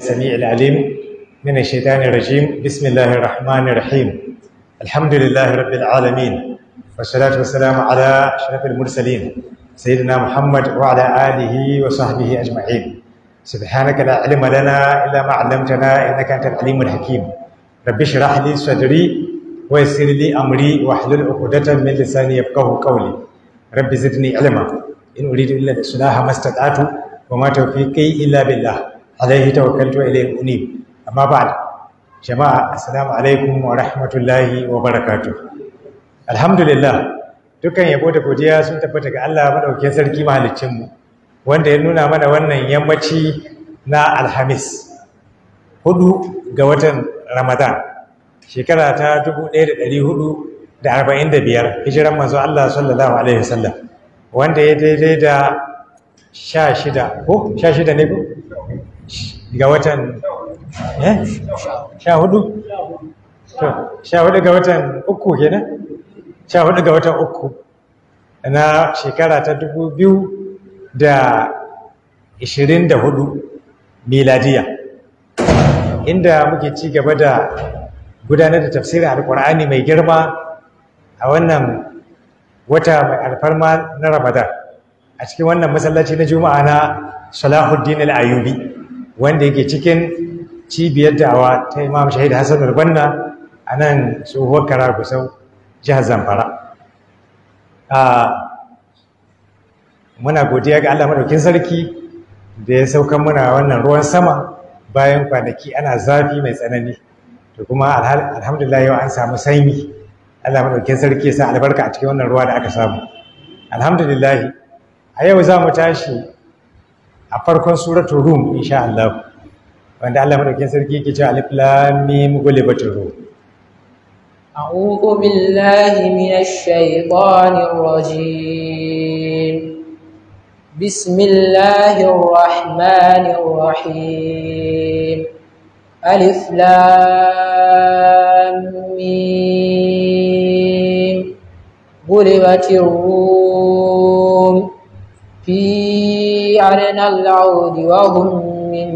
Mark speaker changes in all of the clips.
Speaker 1: السميع العليم من الشيطان الرجيم بسم الله الرحمن الرحيم الحمد لله رب العالمين والصلاة والسلام على أشرف المرسلين سيدنا محمد وعلى آله وصحبه أجمعين سبحانك لا علم لنا إلا ما علمتنا إنك أنت العليم الحكيم رب اشرح لي صدري ويسر لي أمري واحلل عقدة من لساني يفقه قولي رب زدني علما إن أريد إلا الإصلاح ما استطعت وما توفيقي إلا بالله alaihi tawakkaltu ilayhi unib amma ba'd jama'a assalamu alaikum wa rahmatullahi wa barakatuh alhamdulillah dukkan yabo da godiya sun tabbata ga Allah madaukakin sarki mahaliccin mu wanda ya nuna mana wannan yammaci na alhamis hudu ga watan ramadan shekara ta 1445 hijiran manzo Allah sallallahu alaihi wasallam wanda ya daidai da 16 ko 16 ne ko ga watan eh? sha hudu sha hudu ga watan uku kenan sha hudu ga watan uku na shekara ta dubu biyu da ishirin da hudu miladiya inda muke ci gaba da gudanar da tafsirin alkur'ani mai girma a wannan wata mai alfarma na ramadan a cikin wannan masallaci na juma'a na salahuddin al-ayubi wanda yake cikin cibiyar da'awa ta imam shahid hassan albanna a nan tsohuwar kara kusan jihar zamfara muna godiya ga allah maɗaukin sarki da ya saukan muna wannan ruwan sama bayan kwanaki ana zafi mai tsanani to kuma alhamdulillah yau an samu sanyi allah maɗaukin sarki ya sa albarka a cikin wannan ruwa da aka samu alhamdulillah a yau za mu tashi a farkon suratul rum insha Allah wanda Allah madaukakin sarki yake cewa alif lam mim gulibatur rum a'udhu billahi minash shaitanir rajim bismillahir rahmanir rahim alif lam mim gulibatur rum fi عن العود وهم من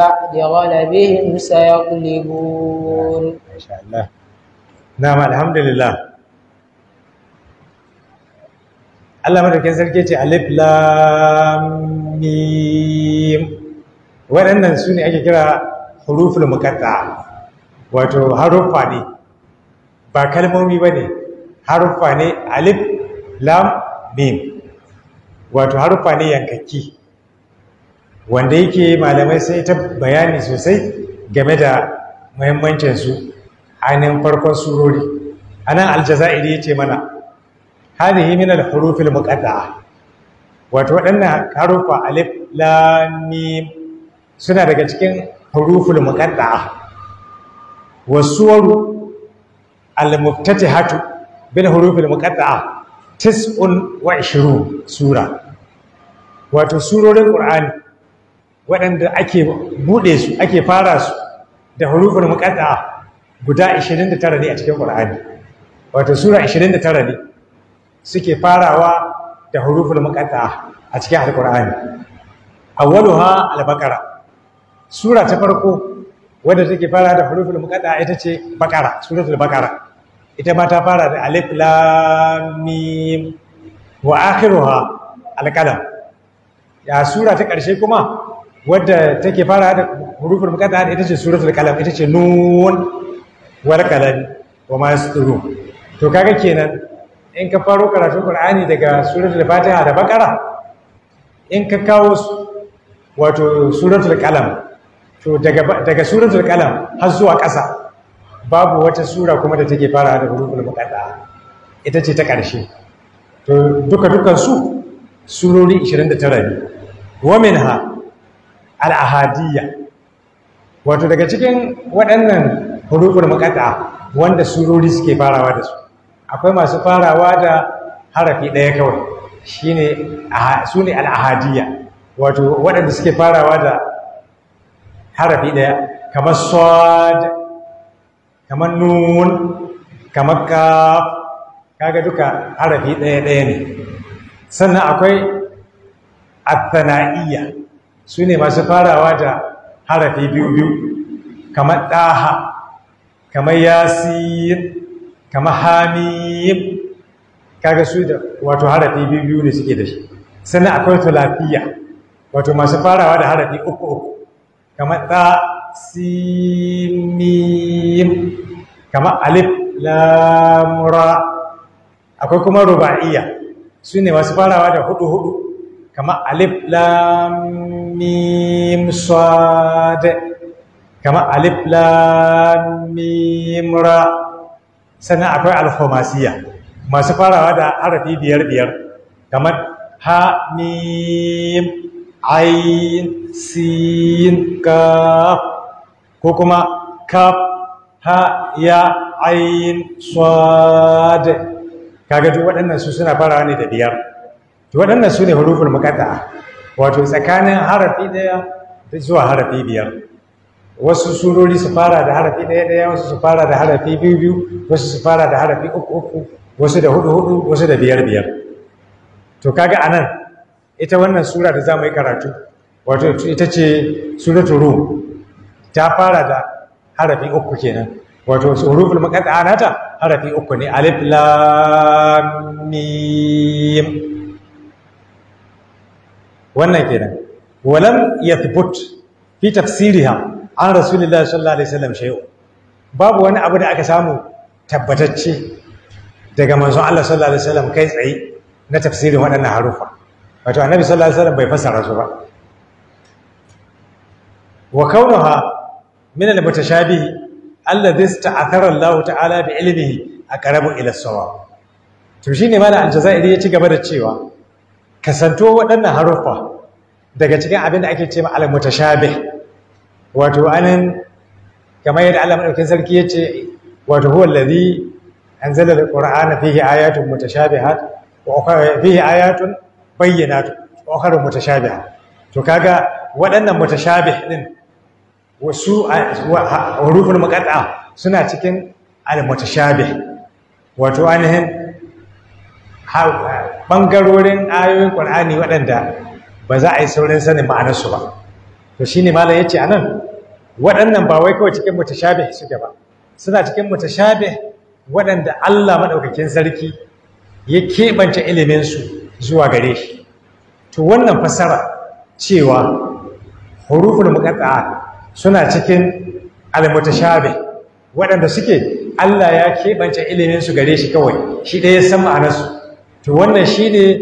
Speaker 1: بعد غلبهم سيغلبون ما شاء الله نعم الحمد لله Allah madaukin sarki ce alif lam waɗannan su ne ake kira hurufin muqatta wato haruffa ne ba kalmomi ba ne haruffa ne alif lam mim wato haruffa ne yankaki wanda yake malamai sai ta bayani sosai game da muhimmancinsu ainihin farkon surori a nan aljazairi ya ce mana hadihi yi al-hurufil wato waɗannan harufa alif lam suna daga cikin huruful muqadda'a wasuwaru al hatu bin hurufin muqadda'a tis'un wa 20 sura wato surorin qur'ani waɗanda ake buɗe su ake fara su da hurufin makata guda 29 ne a cikin ƙur'ani Wata sura 29 ne suke farawa da hurufin makata a cikin alƙur'ani wadu ha albakara sura ta farko wadda take fara da hurufin makata ita ce sura ta bakara ita ma ta fara da alif lamim wa akhiruha al ya sura ta ƙarshe kuma wadda take fara da hurufin da ita ce suratul kalam ita ce nun war kalam wa ma yasturu to kaga kenan in ka faro karatun Qur'ani daga suratul Fatiha da bakara in ka kawo wato suratul kalam to daga daga suratul kalam har zuwa ƙasa babu wata sura kuma da take fara da huruful bukata ita ce ta ƙarshe to duka dukan su surori 29 ne wa minha al'ahadiyya wato daga cikin waɗannan hurufin makata wanda surori suke farawa da su akwai masu farawa da harafi ɗaya kawai su ne al'ahadiyya wato waɗanda suke farawa da harafi ɗaya kamar swad kamar nun kamar ka kaga duka harafi ɗaya ɗaya ne sannan akwai athana'iyya su ne masu farawa da harafi biyu-biyu kamar ɗaha kamar yasir kamar hamim kaga su da wato harafi biyu-biyu ne suke da shi sannan akwai tulafiya wato masu farawa da harafi uku-uku kamar ta simim kamar alif lamura akwai kuma ruba'iyya su ne masu farawa da hudu-hudu kama alif lam mim kamar alif lam ra sannan akwai alfomasiya masu farawa da harafi biyar biyar kamar ha mim ayin sin kaf ko kuma kaf ha ya ayin sad kaga duk waɗannan su suna farawa ne da biyar waɗannan su ne hurufin makata wato tsakanin harafi ɗaya zuwa harafi biyar wasu surori su fara da harafi ɗaya ɗaya wasu su fara da harafi biyu biyu wasu su fara da harafi uku uku wasu da hudu hudu wasu da biyar biyar to kaga a nan, ita wannan sura da za mu yi karatu wato ita ce suratul rum ta fara da harafi uku kenan wato hurufin makata nata harafi uku ne alif lam mim wannan kenan walam yathbut fi tafsiriha an rasulullahi sallallahu alaihi wasallam shay'u babu wani abu da aka samu tabbatacce daga manzon Allah sallallahu alaihi wasallam kai tsaye na tafsirin waɗannan harufa wato annabi sallallahu alaihi wasallam bai fassara su ba wa kaunaha min al mutashabi alladhi ista'athara Allah ta'ala bi ilmihi aqrabu ila as-sawab to shine malam al-jazairi ya ci gaba da cewa kasanto waɗannan haruffa daga cikin abin da ake ce ma'al mutashabih wato anan kamar yadda Allah madaukakin sarki ya ce wato huwa zala da ƙura'ana fiye ayatun mutashabihat wa ukhra fihi ayatun bayyinatun ƙoƙarin ukhra ha to kaga waɗannan mutashabih din wasu hurufun muqatta suna cikin al mutashabih wato ainihin ɓangarorin ayoyin ƙwar'ani waɗanda ba za a yi saurin sanin ma'anarsu ba to shi ne malam ya ce a nan waɗannan ba wai kawai cikin mutashabe suke ba suna cikin mutashabe waɗanda allah maɗaukakin sarki ya keɓance iliminsu zuwa gare shi to wannan fasara cewa hurufin muqatta'a suna cikin al shabe waɗanda suke Allah ya keɓance iliminsu su gare shi kawai shi ɗaya ya san ma'anarsu to wannan shine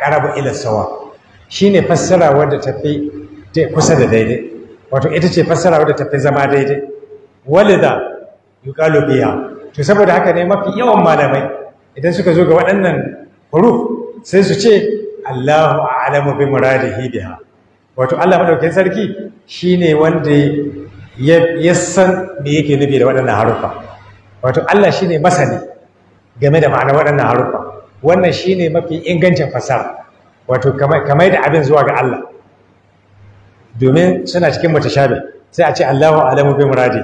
Speaker 1: ƙarabu ilasawa shi shine fassara wadda tafi kusa da daidai wato ita ce fassara wadda tafi zama daidai walida yi biha to saboda haka ne mafi yawan malamai idan suka zo ga waɗannan huruf sai su ce Allahu a'lamu bi muradi hidiya wato Allah madaukakin sarki shine wanda ya san me yake nufi da waɗannan harufa wato Allah shi ne masani game da ma'ana waɗannan harufa wannan shi ne mafi ingancin fasara. wato kamar da abin zuwa ga Allah domin suna cikin mutashabi sai a ce Allahu alamu bai muradi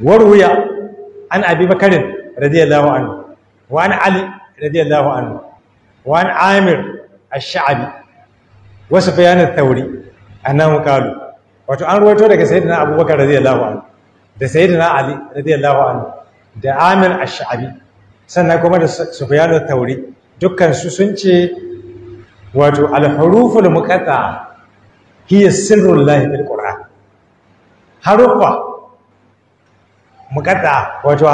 Speaker 1: warwuya an abi bakarin radiyallahu anhu wa an ali radiyallahu anhu wa an amir ash-sha'bi Wasu bayanan tauri a nan qalu wato an ruwaito daga sayyidina abubakar radiyallahu anhu da sayyidina ali radiyallahu anhu da amir ash-sha'bi sannan kuma da sufyanu tauri dukkan su sun ce wato al mukata, muqatta hiya sirrul lahi fil qur'an harufa muqatta wato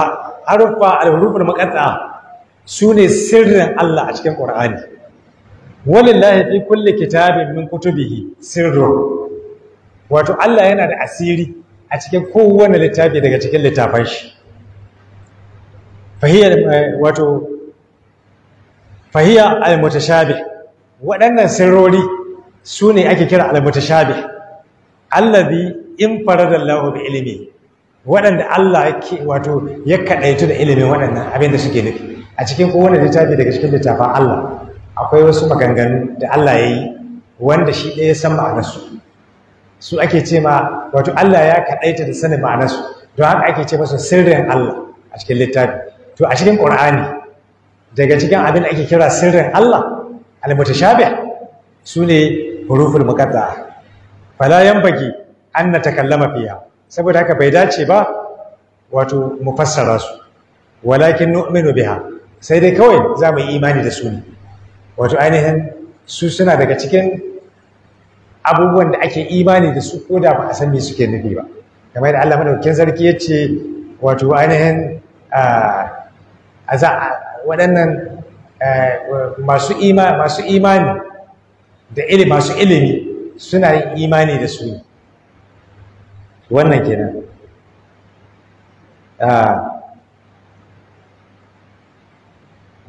Speaker 1: harufa al mukata, muqatta sune sirrin Allah a cikin qur'ani walillahi fi kulli kitabin min kutubihi sirrin? wato Allah yana da asiri a cikin kowane littafi daga cikin littafan shi fahiyar wato fahiya almutashabi waɗannan sirrori su ne ake kira almutashabi allazi in farada lahu bi ilmi waɗanda Allah ya kadaitu da ilimin waɗannan abin da suke nufi a cikin kowane littafi daga cikin littafin Allah akwai wasu maganganu da Allah ya yi wanda shi ɗaya san ma'anasu. su ake ce ma wato Allah ya kadaita da sanin ma'anarsu don haka ake ce masa sirrin Allah a cikin littafi to a cikin ƙur'ani daga cikin abin da ake kira sirrin Allah al-mutashabih sune huruful muqatta fala baki an natakallama fiya. saboda haka bai dace ba wato mu fassara su walakin nu'minu biha sai dai kawai za mu yi imani da su ne wato ainihin su suna daga cikin abubuwan da ake imani da su ko da ba a san me suke nufi ba kamar da Allah madaukakin sarki ya ce wato ainihin ah, waɗannan eh, masu imani da ilimi masu ilimi suna yin imani da su wannan kenan ah.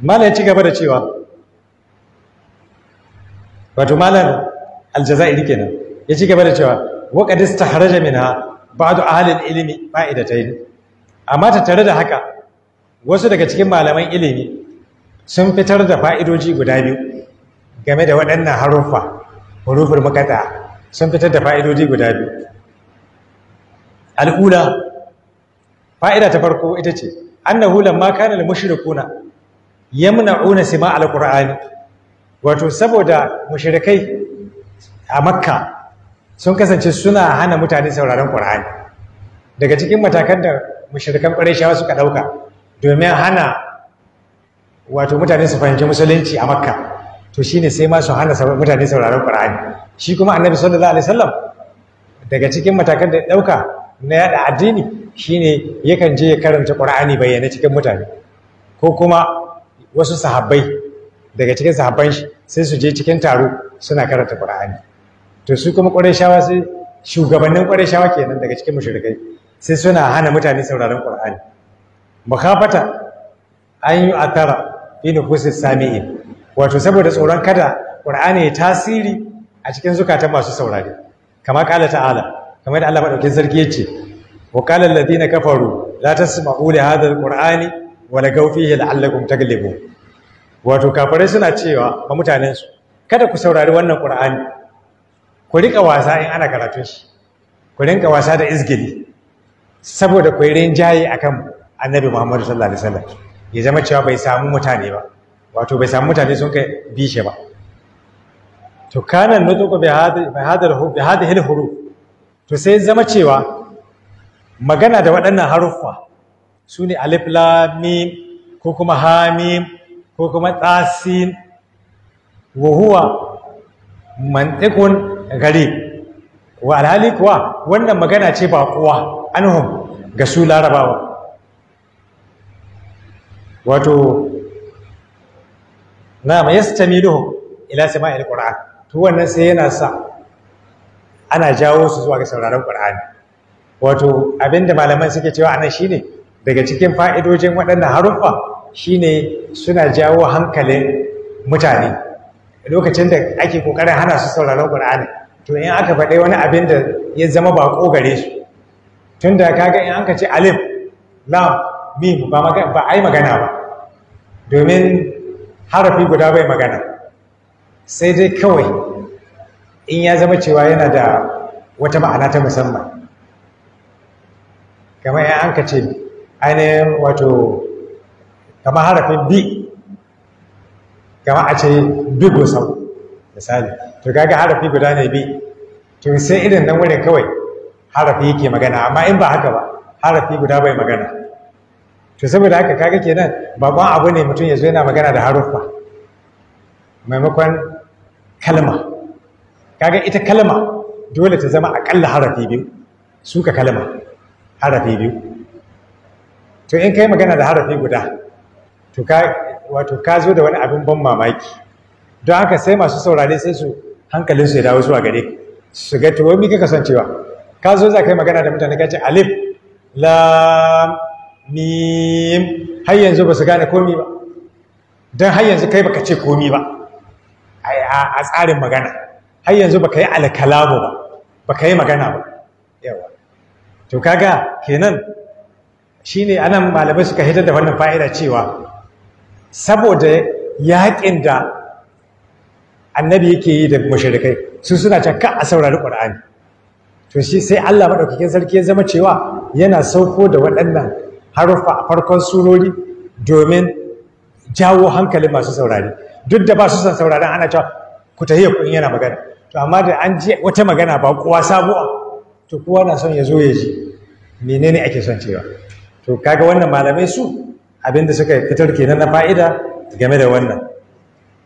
Speaker 1: malam ci gaba da cewa wato malam aljazairi kenan ya ci gaba da cewa waƙadis ta haraja min ha ba da ahalin ilimi ba'idatayin amma ta tare da haka wasu daga cikin malaman ilimi sun fitar da fa'idoji guda biyu game da waɗannan haruffa hurufin makata sun fitar da fa'idoji guda biyu al'ula fa'ida ta farko ita ce na annahu lamma kana ya muna yamna'una sima al wato saboda mashirikai a makka sun kasance suna hana mutane sauraron ƙur'ani. daga cikin matakan da mashirikan ƙwarai suka ɗauka domin hana wato mutane su fahimci musulunci a makka to shine sai ma su hana mutane sauraron qur'ani shi kuma annabi sallallahu alaihi wasallam daga cikin matakan da ɗauka na yada addini shine yakan je ya karanta qur'ani bayyana cikin mutane ko kuma wasu sahabbai daga cikin sahabban shi sai su je cikin taro suna karanta qur'ani to su kuma shawa sai shugabannin shawa kenan daga cikin mushrikai sai suna hana mutane sauraron qur'ani makafata an yi akara fi nufusin sami'in wato saboda tsoron kada ƙur'ani ya tasiri a cikin zukatan masu saurari kama ƙala ta'ala kamar da Allah maɗaukin sarki ya ce wa ƙala alladhina kafaru la tasma'u li hadha alqur'ani wa lagaw fihi la'allakum taglibun wato kafirai suna cewa ba mutanen kada ku saurari wannan ƙur'ani ku riƙa wasa in ana karatun shi ku rinka wasa da izgili saboda ku yi rinjaye akan mu annabi muhammadu sallallahu alaihi wasallam ya zama cewa bai samu mutane ba wato bai samu mutane sun kai bishe ba to kana nutuku bi hada hil huru to sai zama cewa magana da waɗannan haruffa su ne alif mim ko kuma mim ko kuma sin wa huwa mantiqun gari wa alhali kuwa wannan magana ce ba kuwa anhum ga su larabawa wato na ma yastamiluhum ila sama'il qur'an to wannan sai yana sa ana jawo su zuwa ga sauraron qur'ani wato abinda malaman suke cewa anan shine daga cikin fa'idojin waɗannan haruffa shine suna jawo hankalin mutane lokacin da ake kokarin hana su sauraron qur'ani to in aka faɗe wani abin da ya zama baƙo gare su tunda kaga in an ka ce alif lam mim ba ba ai magana ba domin harafi guda bai magana sai dai kawai in ya zama cewa yana da wata ma'ana ta musamman kamar ya an kace ainihin wato kamar harafin bi kamar a ce bi gusau misali to gaga harafi guda ne bi to sai irin nan wurin kawai harafi yake magana amma in ba haka ba harafi guda bai magana to saboda haka kaga kenan babban abu ne mutum ya zo yana magana da haruffa maimakon kalma kaga ita kalma dole ta zama akalla harafi biyu suka kalma harafi biyu to in kai magana da harafi guda to ka wato ka zo da wani abin ban mamaki don haka sai masu saurare sai su hankalin su ya dawo zuwa gare su ga to mi kaka san cewa ka zo za ka yi magana da mutane ka ce alif lam mim har yanzu ba su gane komi ba don har yanzu kai baka ce komi ba a tsarin magana har yanzu baka yi alkalamu ba baka yi magana ba yawa to kaga kenan shine anan malamai suka hitar da wannan fa'ida cewa saboda yaƙin da annabi yake yi da mashirikai su suna can a saurari ƙur'ani to sai Allah maɗaukakin sarki ya zama cewa yana sauko da waɗannan harufa a farkon surori domin jawo hankali masu saurari duk da ba su son saurari ana cewa ku ta yi yana magana to amma da an ji wata magana ba kowa sabuwa to kowa na son ya zo ya ji menene ake son cewa to kaga wannan malamai su abinda suka fitar kenan na fa'ida game da wannan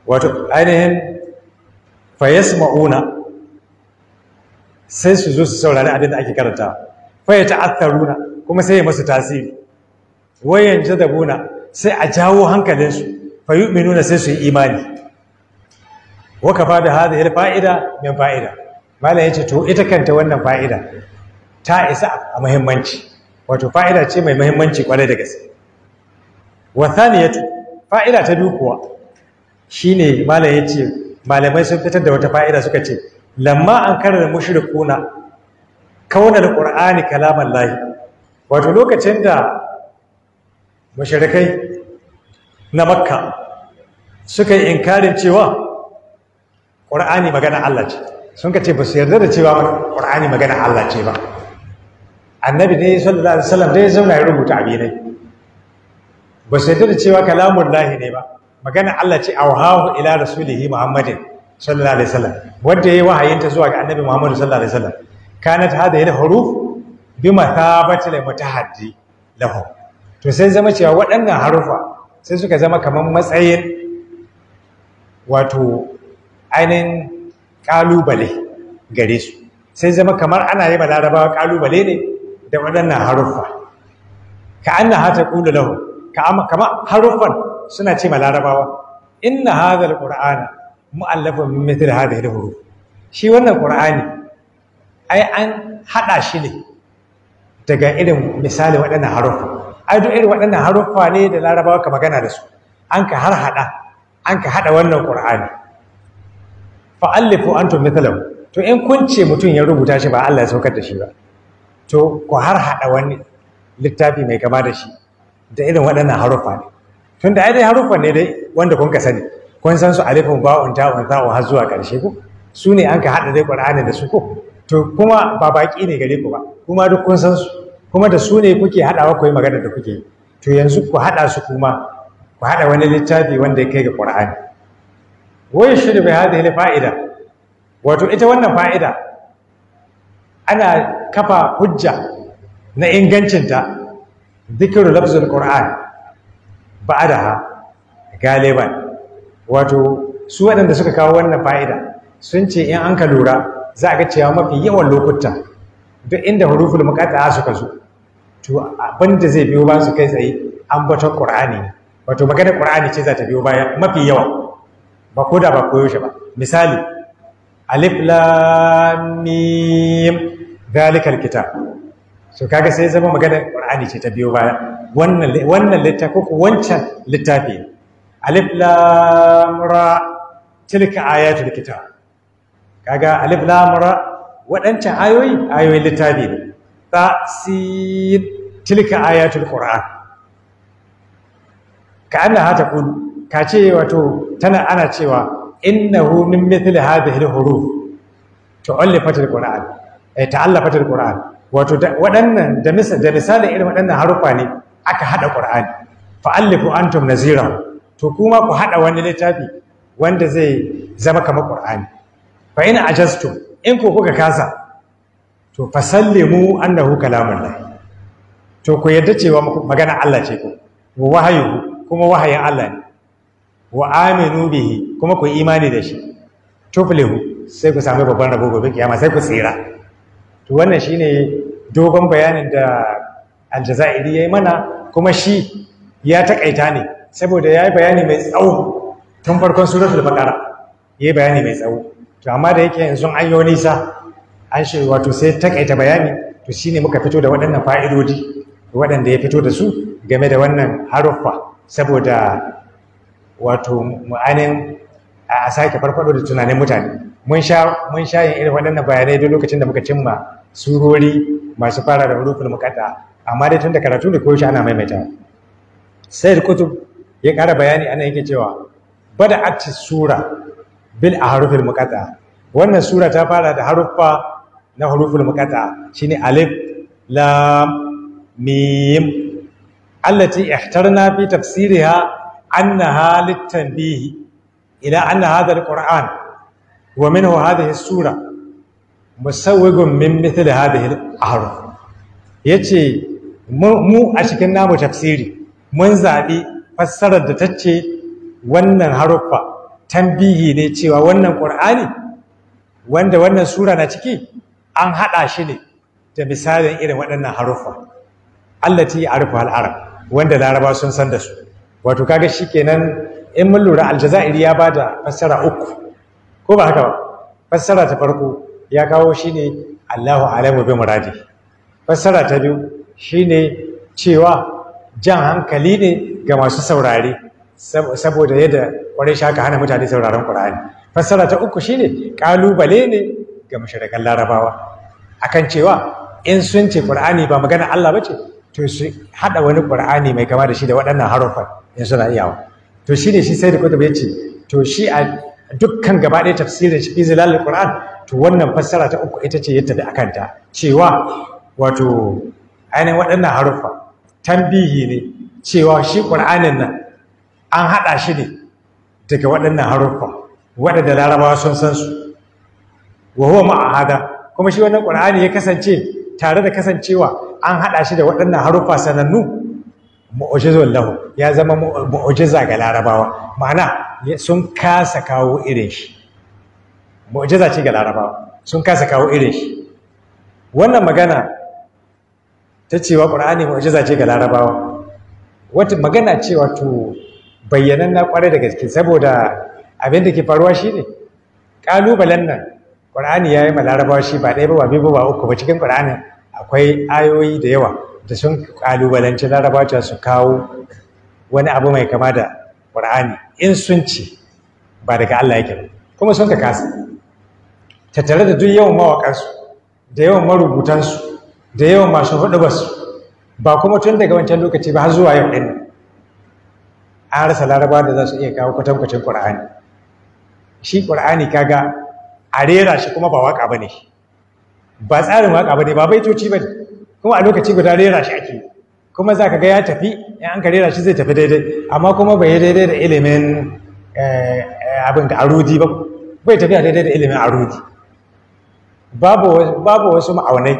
Speaker 1: wato ainihin fayasma'una sai su zo su saurari abinda da ake karanta fa ya kuma sai ya masu tasiri wayan jadabuna sai a jawo hankalinsu fa yu'minuna sai su yi imani wa kafa da hadhihi fa'ida min fa'ida malam yace to ita kanta wannan fa'ida ta isa a muhimmanci wato fa'ida ce mai muhimmanci kwarai da gaske wa thaniyatu fa'ida ta dukuwa shine malam yace malamai sun fitar da wata fa'ida suka ce lamma an da mushrikuna kaunar alqur'ani kalaman lahi wato lokacin da mashirikai na makka suka yi inkarin cewa ƙur'ani magana Allah ce sun ka ce ba su yarda da cewa ƙur'ani magana Allah ce ba annabi ne sallallahu alaihi wasallam dai zauna ya rubuta abi ne ba su yarda da cewa kalamun lahi ne ba magana Allah ce a awhahu ila rasulihi muhammadin sallallahu alaihi wasallam wanda yayi wahayinta zuwa ga annabi muhammad sallallahu alaihi wasallam kanat hadhihi al-huruf bi mathabati al-mutahaddi lahu to sai zama cewa waɗannan harufa sai suka zama kamar matsayin wato ainihin ƙalubale gare su sai zama kamar ana yi larabawa ƙalubale ne da waɗannan haruffa ka an na hata ƙulu lahu kamar haruffan suna ce ma larabawa inna hadha ƙura'ana mu'allafun min mithl hadhihi huru shi wannan ƙura'ani ai an haɗa shi ne daga irin misali waɗannan haruffa ai duk irin waɗannan haruffa ne da larabawa ka magana da su an ka har haɗa an ka haɗa wannan ƙur'ani fa'allifu antum mithlahu to in kun ce mutum ya rubuta shi ba Allah ya saukar da shi ba to ku har haɗa wani littafi mai kama da shi da irin waɗannan haruffa ne tunda ai dai haruffa ne dai wanda kun ka sani kun san su alifin ba'un ta'un ta'un har zuwa ƙarshe ko su ne an ka haɗa dai ƙur'ani da su ko to kuma ba baki ne gare ku ba kuma duk kun san su kuma da su ne kuke haɗawa ku yi magana da kuke to yanzu ku haɗa su kuma ku haɗa wani littafi wanda ya kai ga ƙur'ani wai shi da bai haɗa fa'ida wato ita wannan fa'ida ana kafa hujja na ingancinta zikiru lafzul ƙur'ani ba'adaha galiban wato su waɗanda suka kawo wannan fa'ida sun ce in an ka lura za a ga cewa mafi yawan lokuta duk inda huruful muqatta'a suka zo to abinda zai biyo ba su kai tsaye bata ƙura'ani wato magana ƙura'ani ce za ta biyo baya mafi yawa ba ko da ba koyo shi ba misali alif lamim dalikal zalikal kitab so kaga sai zama magana ƙura'ani ce ta biyo baya wannan wannan littafi ko wancan littafi alif lam ra tilka ayatul kitab kaga alif lam ra waɗancan ayoyi ayoyin littafi ne tasin tilka ayatul qur'an ka ce wato tana ana cewa innahu min mithli hadhihi al-huruf tu'allifat al-qur'an wato da misal da misalin irin waɗannan ne aka hada qur'ani fa'allifu antum nazira to kuma ku hada wani littafi wanda zai zama kamar qur'ani fa in ajastum in ku kuka kasa to fasallimu annahu kalamullah to ku yadda cewa magana Allah ce ku wa wahayu kuma wahayin Allah ne wa aminu bihi kuma ku imani da shi tuflihu sai ku sami babban rabo gobe kiyama sai ku tsira to wannan shine dogon bayanin da aljazairi yayi mana kuma shi ya takaita ne saboda yayi bayani mai tsawo tun farkon suratul baqara yayi bayani mai tsawo to amma da yake yanzu an yi nisa an shi wato sai takaita bayani to shine muka fito da waɗannan fa'idodi waɗanda ya fito da su game da wannan haruffa saboda wato ma'anin a sake farfado da tunanin mutane mun sha mun yin irin waɗannan bayanai duk lokacin da muka cimma surori masu fara da hurufin muqatta amma dai tunda karatu da koyaushe ana maimaita sayyid kutub ya ƙara bayani ana yake cewa bada ati sura bil a harufin muqatta wannan sura ta fara da haruffa na huruful muqata shine alif lam mim allati ihtarna fi tafsiriha annaha litanbih ila anna hadha alquran wa minhu hadhihi as-sura musawwigun min mithli hadhihi al-ahruf yace mu a cikin namu tafsiri mun zabi fassarar da tace wannan haruffa tambihi ne cewa wannan qur'ani wanda wannan sura na ciki an haɗa shi ne da misalin irin waɗannan haruffa allati ya'rifu al-arab wanda laraba sun san da su wato kaga shi shikenan in mun lura aljazairi ya bada fassara uku ko ba haka ba fassara ta farko ya kawo shine Allahu alamu bi muradi fassara ta biyu shine cewa jan hankali ne ga masu saurare saboda yadda ƙwarai shaka hana mutane sauraron Qur'ani fassara ta uku shi ne ƙalubale ne ga mashirakan larabawa akan cewa in sun ce ƙur'ani ba magana Allah ba ce to su haɗa wani ƙur'ani mai gama da shi da waɗannan harufan in suna iyawa to shi ne shi sai da kutuba ce. to shi a dukkan gaba ɗaya tafsirin shi fi zilalul qur'an to wannan fassara ta uku ita ce yadda da akanta cewa wato ainihin waɗannan haruffa tambihi ne cewa shi ƙur'anin nan an haɗa shi ne daga waɗannan haruffa waɗanda larabawa sun san su wa huwa ma'ahada kuma shi wannan qur'ani ya kasance tare da kasancewa an hada shi da waɗannan haruffa sanannu mu'jizul lahu ya zama mu'jiza ga larabawa ma'ana sun kasa kawo irin shi mu'jiza ce ga larabawa sun kasa kawo irin shi wannan magana ta cewa qur'ani mu'jiza ce ga larabawa wata magana ce wato bayyanan na kware da gaske saboda abin da ke faruwa shine kalubalen nan ƙur'ani ya yi ma larabawa shi ba ɗaya ba ba biyu ba uku ba cikin ƙur'anin akwai ayoyi da yawa da sun ƙalubalanci larabawa su kawo wani abu mai kama da ƙur'ani in sun ce ba daga Allah yake ba kuma sun ka kasa tattare da duk yawan mawaƙansu da yawan marubutansu da yawan masu hudubarsu ba kuma tun daga wancan lokaci ba har zuwa yau ɗin an rasa larabawa da za su iya kawo kwatankwacin ƙur'ani shi ƙur'ani kaga a rera shi kuma ba waka bane ba tsarin waka bane ba baitoci bane kuma a lokaci guda rera shi ake kuma za ka ga ya tafi in an ka rera shi zai tafi daidai amma kuma bai daidai da ilimin eh, abin da arudi ba bai tafiya daidai da ilimin arudi babu wasu ma'aunai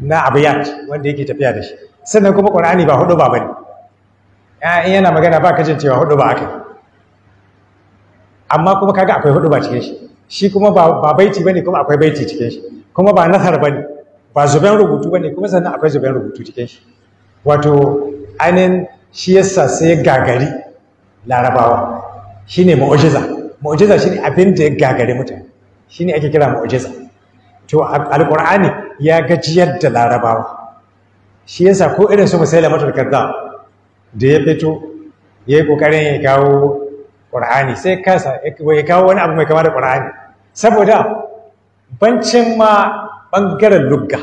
Speaker 1: na abiyat wanda yake tafiya da shi sannan kuma ƙwarani ba hudu ba bane in yana magana ba kajin cewa hudu ba aka amma kuma kaga akwai hudu ba cikin shi shi kuma ba baiti bane kuma akwai baiti cikin shi kuma ba nasar bane ba zuben rubutu bane kuma sannan akwai zuben rubutu cikin shi wato ainihin shi yasa sai gagari larabawa shine mu'jiza mu'jiza shine abin da ya gagari mutane shine ake kira mu'jiza to alqur'ani ya gajiyar da larabawa shi yasa ko irin su musailamatul kazzab da ya fito yayi kokarin ya kawo ƙur'ani sai kasa ya kawo wani abu mai kama da ƙur'ani saboda bancin ma ɓangaren lugga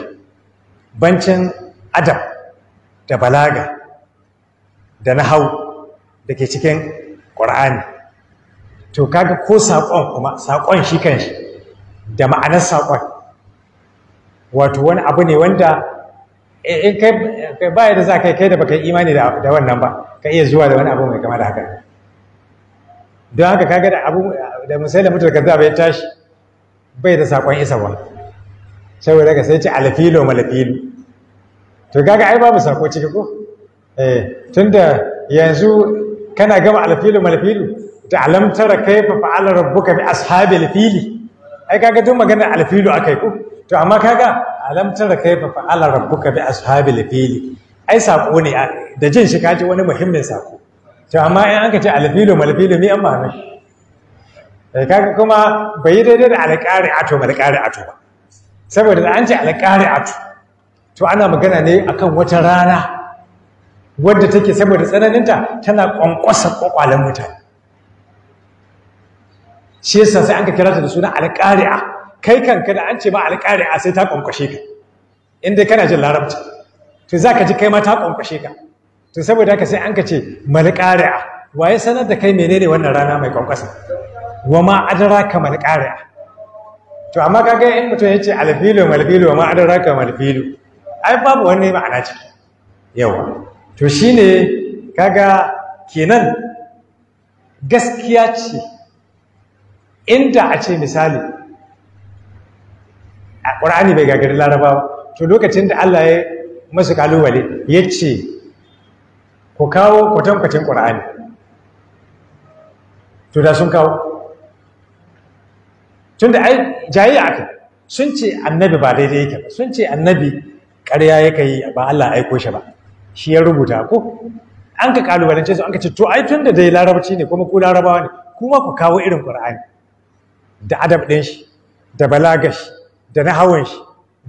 Speaker 1: bancin adam da balaga da nahau da ke cikin ƙur'ani to kaga ko saƙon kuma saƙon shi kan shi da ma'anar saƙon wato wani abu ne wanda in kai ba da za kai kai da baka imani da wannan ba ka iya zuwa da wani abu mai kama da haka don haka kaga da abu da musaila mutul kazzab ya tashi bai da sakon ba. saboda ka sai ce alfilo malfilo to kaga ai babu sako ciki ko eh tunda yanzu kana gama alfilo malfilu ta alamtara kaifa fa'ala rabbuka bi ashabil fili ai kaga duk magana alfilo akai ko to amma kaga alamtara kaifa fa'ala rabbuka bi ashabil fili ai sako ne da jin shi kaji wani muhimmin sako to amma in aka ce alfilu malfilu mi an ma'ana shi eh, kaga kuma bai yi daidai da alƙari ato malƙari ato ba saboda an ce alƙari ato to ana magana ne akan wata rana wadda take saboda tsananinta tana ƙwanƙwasa ƙwaƙwalen mutane shi yasa sai an ka kira ta da suna alƙari'a kai kanka da an ce ba alƙari'a sai ta ƙwanƙwashe ka Inda kana jin larabci to za ji kai ma ta ƙwanƙwashe ka to saboda haka sai an ka ce malƙari'a waye sanar da kai menene wannan rana mai kwankwasa wa ma adraka malƙari'a to amma kaga in mutum ya ce alfilu malfilu wa ma adraka malbilu ai babu wani ma'ana ciki yawa to shine kaga kenan gaskiya ce inda a ce misali a ƙur'ani bai gagari larabawa to lokacin da Allah ya masu kalubale ya ce ku kawo kwatankwacin ƙur'ani to da sun kawo tunda ai jayi aka sun ce annabi ba daidai yake ba sun ce annabi ƙarya yake yi ba Allah aiko shi ba shi ya rubuta ko an ka kalubalance su an ka ce to ai tunda dai larabci ne kuma ku larabawa ne kuma ku kawo irin ƙur'ani da adab ɗin shi da balagash da nahawan shi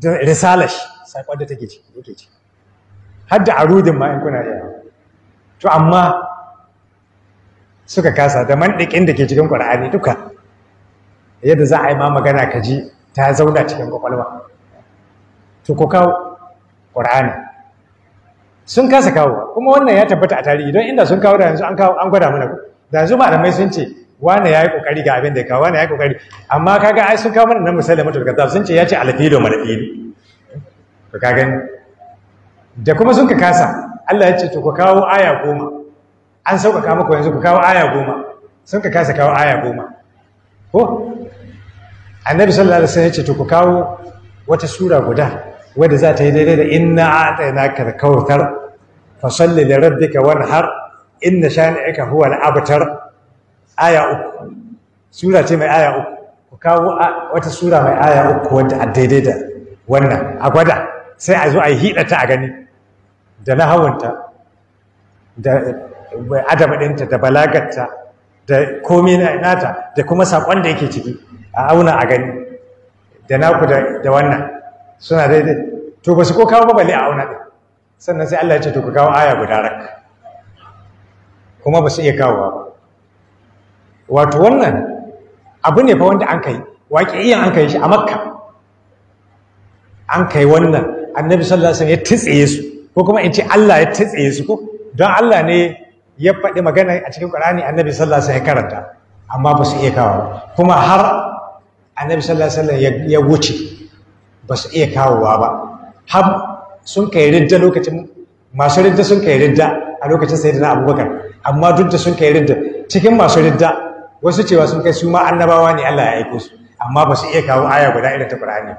Speaker 1: da risalash sai da take ciki yake ciki har da arudin ma in kuna iya to amma suka kasa da mandikin da ke cikin ƙur'ani duka yadda za a yi ma magana ka ji ta zauna cikin ƙwaƙwalwa to ko kawo ƙur'ani sun kasa kawo kuma wannan ya tabbata a tarihi don inda sun kawo da yanzu an kawo an gwada mana da yanzu malamai sun ce wane ya yi ƙoƙari ga abin da ya kawo wane ya yi ƙoƙari? amma kaga ai sun kawo mana nan misali mutu da sun ce ya ce alfilo malfili to ka gani da kuma sun ka kasa Allah ya ce to ku kawo aya goma an sauƙaƙa muku yanzu ku kawo aya goma sun ka kasa kawo aya goma ko annabi sallallahu alaihi wasallam ya ce to ku kawo wata sura guda wadda za ta yi daidai da inna a'tainaka al-kautsar fa salli li rabbika wanhar inna shani'aka huwa al-abtar aya uku sura ce mai aya uku ku kawo wata sura mai aya uku wadda a daidai da wannan a gwada sai a zo a yi hidata a gani da lahawanta da eh, adama ɗinta da balagarta da komai na inata, da kuma saƙon da yake ciki a auna a gani da naku da wannan suna daidai to ba su ko kawo babali a auna ɗin sannan sai Allah ya ce to ku kawo aya guda rak kuma ba su iya kawo ba wato wannan abu ne fa wanda an kai iya an kai shi a makka an kai wannan annabi sallallahu alaihi wasallam ya tutsaye su ko kuma in ce Allah ya tatsaye su ko don Allah ne ya faɗi magana a cikin Qur'ani Annabi sallallahu alaihi wasallam ya karanta amma ba su iya kawo kuma har Annabi sallallahu alaihi wasallam ya wuce ba su iya kawowa ba har sun kai ridda lokacin masu ridda sun kai ridda a lokacin na Abubakar amma duk da sun kai ridda cikin masu ridda wasu cewa sun kai su ma annabawa ne Allah ya aiko su amma ba su iya kawo aya guda irin ta Qur'ani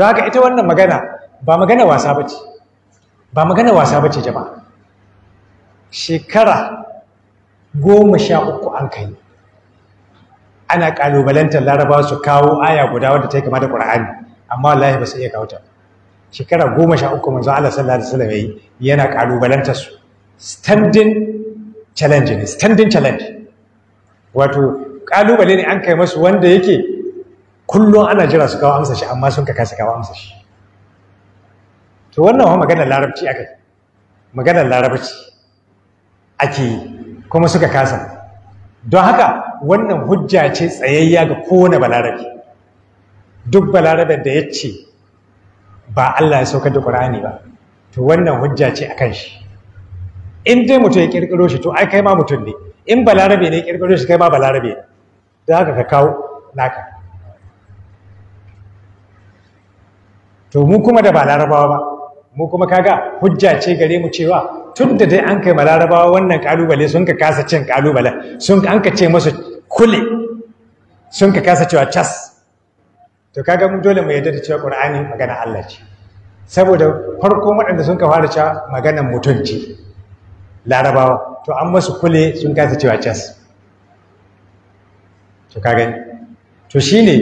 Speaker 1: don haka ita wannan magana ba magana wasa bace ba magana wasa bace jama'a shekara goma sha uku an kai ana kalubalantar laraba su kawo aya guda wadda ta yi kama da ƙur'ani amma wallahi ba su iya kawo ta shekara goma sha uku manzo Allah sallallahu alaihi wasallam yana kalubalantar su standing challenge ne standing challenge wato kalubale ne an kai masu wanda yake kullum ana jira su kawo amsa shi amma sun ka kasa kawo amsa shi to wannan wa maganar larabci aka yi maganar larabci ake yi kuma suka kasa don haka wannan hujja ce tsayayya ga kowane balarabe duk balarabar da ya ce ba Allah ya saukar da ƙur'ani ba to wannan hujja ce a kan shi in dai mutum ya ƙirƙiro shi to ai kai ma mutum ne in balarabe ne ya ƙirƙiro shi kai ma balarabe ne don haka ka kawo naka to mu kuma da ba larabawa ba mu kuma kaga hujja ce gare mu cewa tun da dai an kai malarabawa wannan kalubale sun ka kasa cin kalubale sun an ka ce masu kule sun ka kasa cewa cas to kaga mu dole mu yadda da cewa qur'ani magana Allah ce saboda farko waɗanda sun ka fara cewa maganan mutunci larabawa to an masu kule sun kasa cewa cas to kaga gani to shine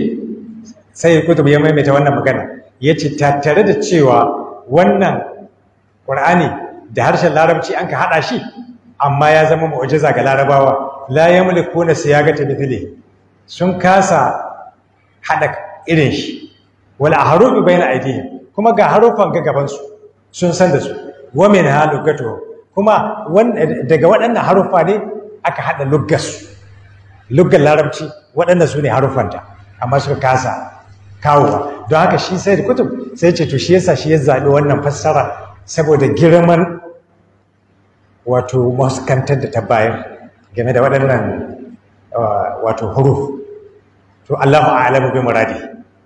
Speaker 1: sai kutub ya maimaita wannan magana ya ce tattare da cewa wannan ƙur'ani da harshen larabci an ka haɗa shi amma ya zama mu'jiza ga larabawa la yamlikuna ga mithlihi sun kasa haɗa irin shi wal ahrufi bayan aydihim kuma ga harufan ga gabansu, sun san da su wa min halugatu kuma daga waɗannan harufa ne aka haɗa luggas luggar larabci waɗannan su ne harufanta amma suka kasa kawowa don haka shi sai da kutub sai ce to shi yasa shi ya zaɓi wannan fassara saboda girman wato maskantar da ta bayar game da waɗannan uh, wato huruf to Allahu a'lamu bi muradi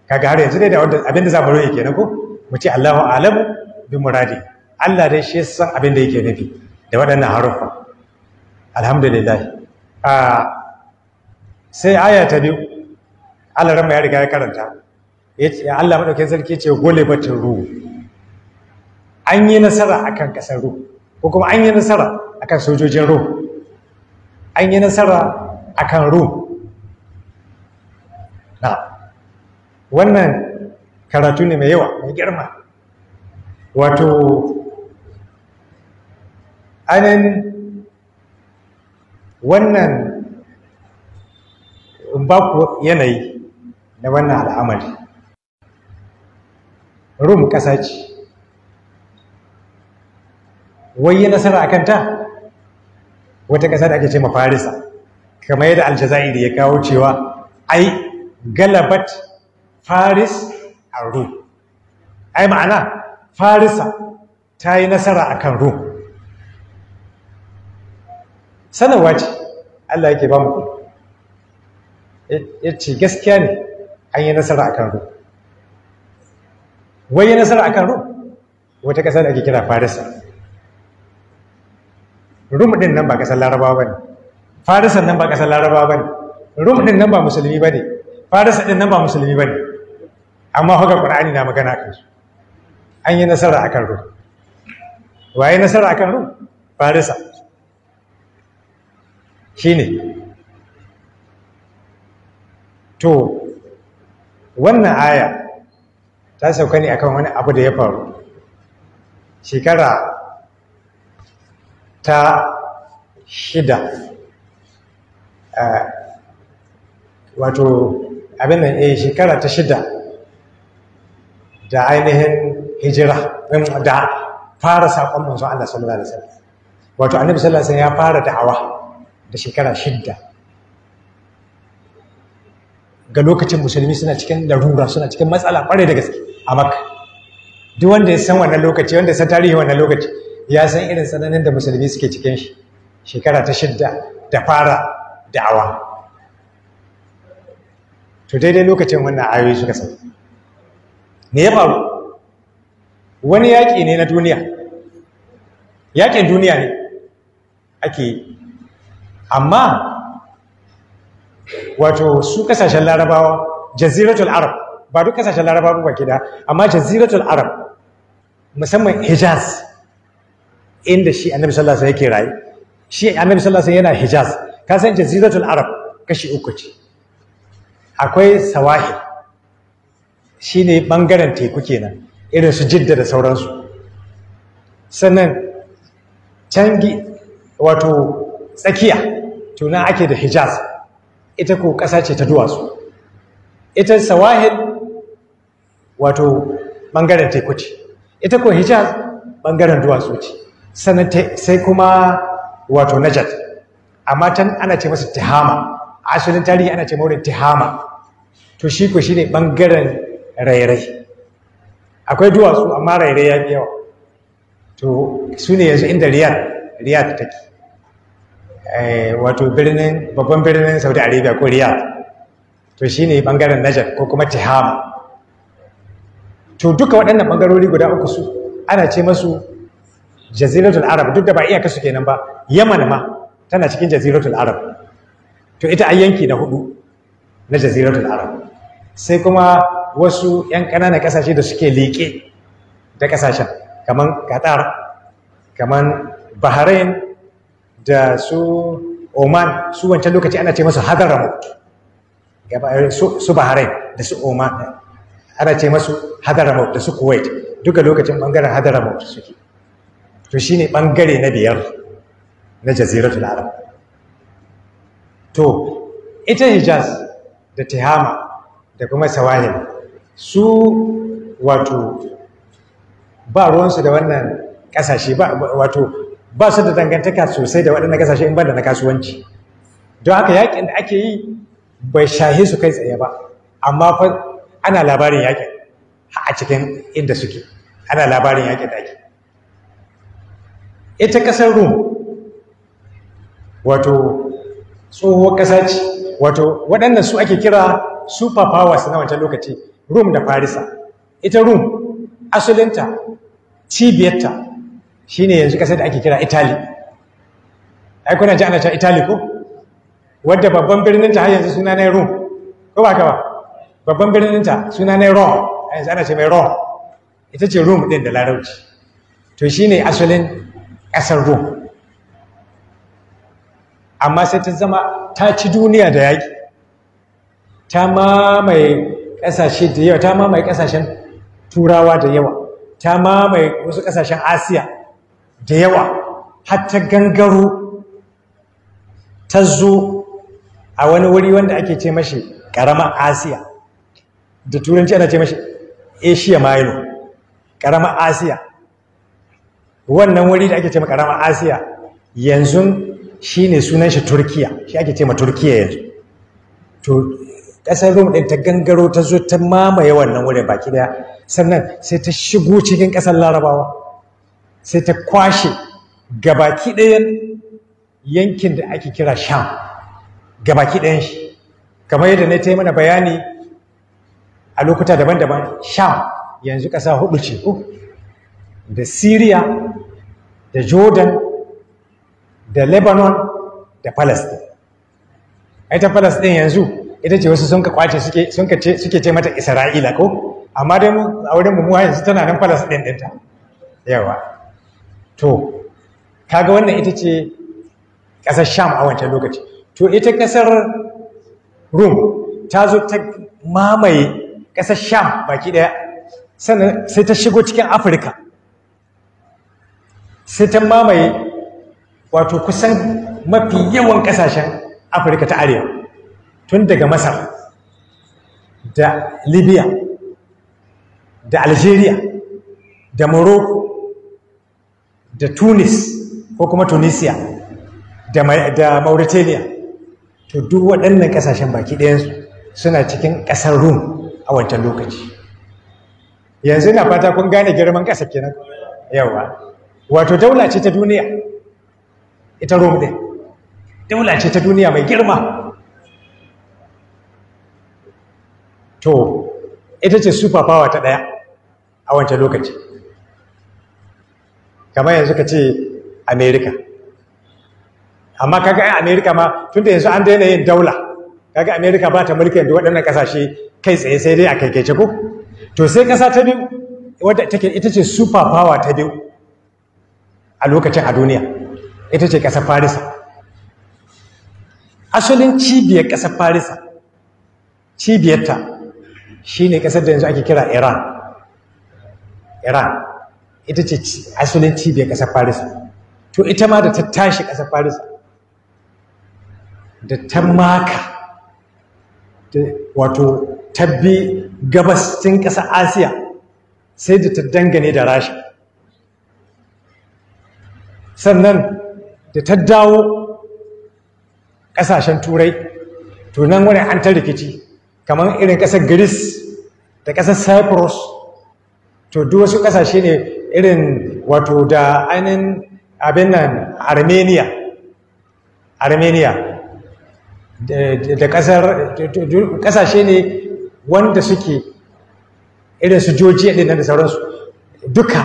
Speaker 1: kaga har yanzu dai da abin da za mu roye kenan ko mu ce Allahu a'lamu bi muradi Allah dai shi san abin da yake nufi da waɗannan harufa alhamdulillah a uh, sai aya ta biyu Allah ran ya riga ya karanta Allah maɗaukin sarki ce gole batin ruhu an yi nasara a kan ƙasar ruhu ko kuma an yi nasara a kan sojojin ruhu an yi nasara a kan ruhu na wannan karatu ne mai yawa mai girma wato anan wannan baku yanayi na wannan al'amari rum ƙasa ce wai yi nasara a kanta wata ƙasa da ake ce mafarisa kamar yadda aljazair ya kawo cewa ai galabat faris a rum ai ma'ana farisa ta yi nasara a kan rum sanarwa ce allah yake ba mu ya ce gaskiya ne an yi nasara a kan rum wai ya nasara akan rum wata ƙasa da ake kira farisa rum ɗin nan ba ƙasar larabawa ba ne Farisa nan ba ƙasar larabawa ba ne rum ɗin nan ba musulmi ba ne farisa ɗin nan ba musulmi ba ne amma hukar ƙur'ani na magana kan su an yi nasara akan rum waye nasara akan rum farisa Shi ne. to wannan aya ta sauka ne akan wani abu da ya faru shekara ta shida wato abin nan eh shekara ta shida da ainihin hijira da fara saƙon manzo Allah sallallahu alaihi wasallam wato annabi sallallahu alaihi wasallam ya fara da'awa da shekara shida ga lokacin musulmi suna cikin larura suna cikin matsala kwarai da gaske a makka duk wanda ya san wannan lokaci wanda ya san tarihi wannan lokaci ya san irin tsananin da musulmi suke cikin shi shekara ta shidda da fara da'awa to daidai lokacin wannan ayoyi suka sauka me ya faru wani yaƙi ne na duniya yaƙin duniya ne ake yi amma wato su kasashen larabawa jaziratul arab ba duk kasashen larabawa ba gida amma jaziratul arab musamman hijaz inda shi annabi sallallahu alaihi wasallam yake rayu shi annabi sallallahu alaihi wasallam yana hijaz ka san jaziratul arab kashi uku ce akwai sawahil shine bangaren teku kenan irin su jidda da sauransu sannan cangi wato tsakiya tuna ake da hijaz ita ko ƙasa ce ta duwatsu ita sawahil wato ɓangaren teku ce ita ko hijaz ɓangaren duwatsu ce sai kuma wato najat amma tan ana ce masa tihama a asalin tarihi ana ce maurin tihama to shi ko shi ne ɓangaren rairai akwai duwatsu amma rairai ya fi yawa to su ne yanzu inda riyad riyad take Eh, wato birnin babban birnin saudi arabia ko to to ne bangaren najar ko kuma tihama to duka waɗannan bangarori guda uku su ana ce masu jaziratul arab duk da ba iyaka kasu kenan ba yaman ma tana cikin jaziratul arab to ita a yanki na hudu na jaziratul arab sai kuma wasu 'yan ƙananan ƙasashe da suke leƙe da ƙasashen kamar qatar kamar bahrain da su oman su wancan lokaci ana ce masu hadaramu su bahrain da su oman ana ce masu hadaramu da su kuwait duka lokacin bangaren hadaramu suke to shi ne bangare na biyar na jaziratul arab to ita hijaz da tehama da kuma sawahil su wato ba ruwansu da wannan kasashe ba wato ba su da dangantaka sosai da waɗannan kasashe in da na kasuwanci don haka yakin da ake yi bai shahe su kai tsaye ba amma fa ana labarin yakin a cikin inda suke ana labarin yakin da ake ita ƙasar rum wato tsohuwar ƙasa ce wato waɗannan su ake kira super powers na wancan lokaci rum da farisa ita rum asalinta cibiyarta Shi ne yanzu kasar da ake kira Italy ai kuna ji ana cewa Italy ko wadda babban birnin ta har yanzu suna ne Rome ko ba ka ba babban birnin ta suna ne Rome a yanzu ana ce mai Rome ita ce Rome din da Larabci to shi ne asalin kasar Rome amma sai ta zama ta ci duniya da yaki ta mamaye kasashe da yawa ta mamaye kasashen turawa da yawa ta mamaye wasu kasashen asiya da yawa hatta gangaro ta zo a wani wuri wanda ake ce mashi ƙaramar asiya da turanci ana ce mashi asia milo ƙaramar asiya wannan wuri da ake ce ƙaramar asiya yanzu shi ne sunan shi turkiya shi ake ce ma turkiya yanzu to ƙasar rom ɗin ta gangaro ta zo ta mamaye wannan wurin baki daya sannan sai ta shigo cikin ƙasar larabawa sai ta kwashe gabaki ɗayan yankin da ake kira sham gabaki ɗayan shi kamar yadda na ta yi mana bayani a lokuta daban-daban sham yanzu ƙasa hudu ce da syria da jordan da lebanon da palestine ita palestine yanzu ita ce wasu sun ka kwace suke ce mata isra'ila ko amma dai a wurin mu yanzu tana nan palestine ɗinta yawa to kaga wannan ita ce ƙasar sham a wancan lokaci to ita ƙasar rum ta zo ta mamaye ƙasar sham baki ɗaya sannan sai ta shigo cikin afirka sai ta mamaye wato kusan mafi yawan ƙasashen afirka ta arewa tun daga masar da libya da algeria da morocco da tunis ko kuma tunisia da mauritania to duk waɗannan ƙasashen baki ɗayansu suna cikin ƙasar rum a wancan lokaci yanzu na fata kun gane girman ƙasa kenan yawa wato daula ce ta duniya ita rum ɗin daula ce ta duniya mai girma to ita ce super power ta ɗaya a wancan lokaci kamar yanzu ka ce america amma kaga ai america ma tunda yanzu an daina yin daula kaga america ba ta mulkin da waɗannan ƙasashe kai tsaye sai dai a kaikaice ko to sai ƙasa ta biyu wadda take ita ce super power ta biyu a lokacin a duniya ita ce ƙasar farisa asalin cibiyar ƙasar farisa cibiyarta shine ƙasar da yanzu ake kira iran iran ita ce asalin cibiyar ƙasar Paris to ita ma da ta tashi ƙasar Paris da ta maka wato ta bi gabascin ƙasar Asiya sai da ta dangane da Rasha sannan da ta dawo ƙasashen turai to nan wani an ta rikici kamar irin ƙasar Greece da ƙasar Cyprus to duk wasu ƙasashe ne irin wato da ainihin abin nan armenia armenia da kasar kasashe ne wanda suke irin su jojiya ɗin da sauransu duka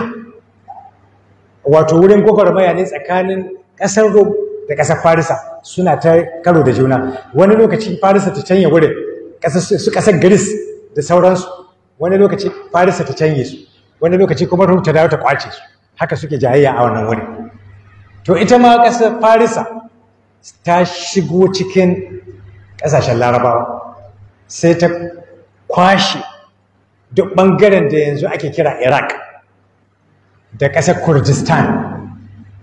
Speaker 1: wato wurin maya ne tsakanin ƙasar rom da ƙasar farisa suna ta karo da juna wani lokaci farisa ta canye wurin su ƙasar gris da sauransu wani lokaci farisa ta canye su wani lokaci kuma rum ta dawo ta kwace su haka suke jayayya a wannan wuri to ita ma ƙasar farisa ta shigo cikin ƙasashen larabawa sai ta kwashe duk ɓangaren da yanzu ake kira iraq da ƙasar kurdistan